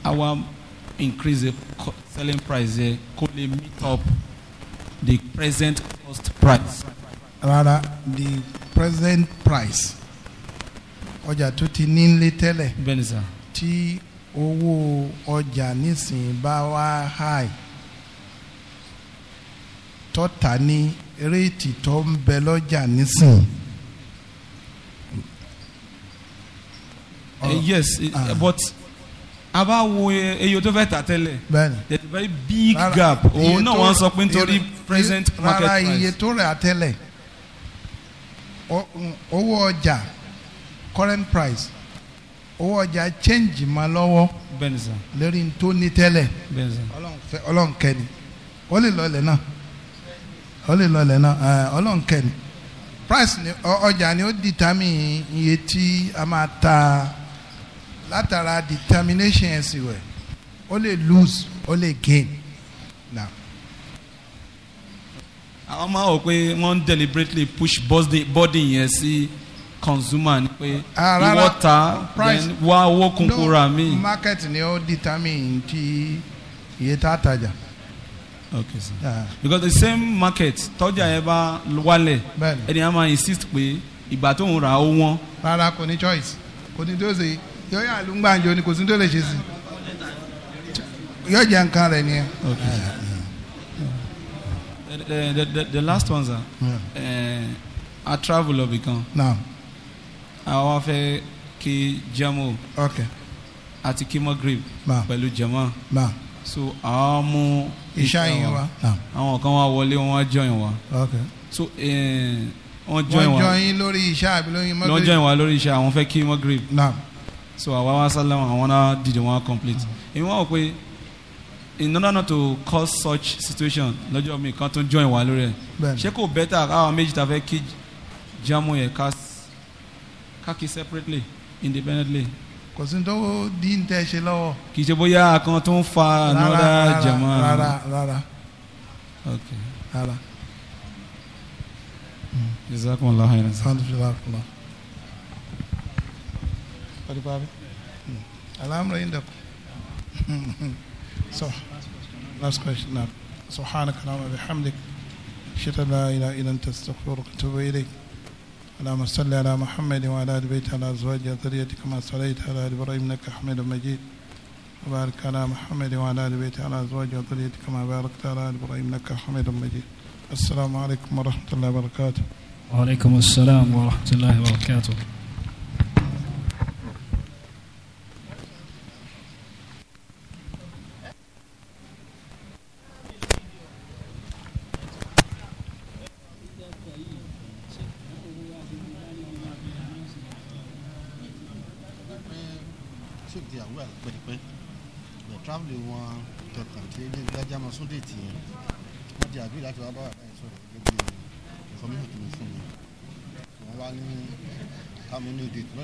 G: our increase the selling price yẹ kó lè meet up the present
A: cost price. rárá the present price ọjà tó ti ní nílé tẹ́lẹ̀. bẹ́ẹ̀ni sá. tí owó ọjà nísìnyí bá wá high tọ́ta ní réètì tó ń bẹ lọ́jà nísìnyí. Uh, yes it, uh, ah.
G: eh, but a bá wo eye tó fẹ́ there is a very big gap òun náà wọ́n sọ pé nítorí present market price. rárá iye
A: tó rà tẹ́lẹ̀ owó ọjà current price owó ọjà change ma lọ́wọ́ lórí tó ní tẹ́lẹ̀ ọlọ́run kẹ́ni ó lè lọlẹ̀ náà ó lè lọlẹ̀ náà ọlọ́run kẹ́ni price ni ọjà ni ó determine iye tí a máa ta látara determination ẹ̀sìn rẹ̀ ó lè lose ó lè gain now
G: àwọn máa wò pé wọ́n deliberately push body yẹn sí consumer ni pé
A: ah, ìwọ ta then wá owó kunkun ra mi. market ni ó determine ti iye tá a tajà. okay sir yeah.
G: because the same market tọ́jà yẹn bá wálẹ̀ ẹni a máa insist pé ìgbà tó ń ra ó wọ́n. rárá kò
A: ní choice kò ní tó ṣe yọ yà ló ń gbàǹjo ni kò sí tó lè ṣe sí yọ jẹ nǹkan rẹ nìyẹn. okay. Yeah
G: the, the, the, the last ones, sir. Yeah. Uh, a travel lọ bìkan. naam. àwa fẹ́ kí jamo. ati ki kí magrib. naam pẹ̀lú jama. naam. so amu isha iṣẹ́ yìí wa. naam. àwọn kan wá wọlé wọn wá join wa. Okay, so on eh, join wa. wọ́n join lórí iṣẹ́ àbí lórí magrib. wọ́n join wa lórí iṣẹ́ fe ki kí magrib. naam. so àwa wá sálámù àwọn náà dìde wọn complete. Mm-hmm. èmi wọ́n wọ pé in order not to cause such situation lọ́jọ́ mi kan tó join wa lórí ẹ̀ ṣé kò bẹ́tà káwọn méjì ta fẹ́ kí jamu yẹn ká kí
A: separately independently. kò sí tó dín tẹ́ ṣe lọ́wọ́. kì í ṣe bóyá
G: kan tó ń fa another jama. rárá
A: rárá rárá. jazakumullahu khairan. alhamdulilayi. alhamdulilayi. so. Last question now. سبحانك اللهم وبحمدك أشهد أن لا إله إلا أنت أستغفرك وأتوب إليك اللهم صل على محمد وعلى آل بيته وعلى أزواجه وذريته كما صليت على آل إبراهيم إنك حميد مجيد وبارك على محمد وعلى آل بيته وعلى أزواجه وذريته كما باركت على آل إبراهيم إنك حميد مجيد السلام عليكم ورحمة الله وبركاته وعليكم السلام ورحمة الله وبركاته
C: wọn sún déètì yẹn wọ́n ti àgbé láti wá bá bàbá yẹn sọ̀rọ̀ gẹ́gẹ́
D: bí
B: ìfọ̀míṣọ̀ tó ń fún mi wọ́n wá ní kámi ní déètì náà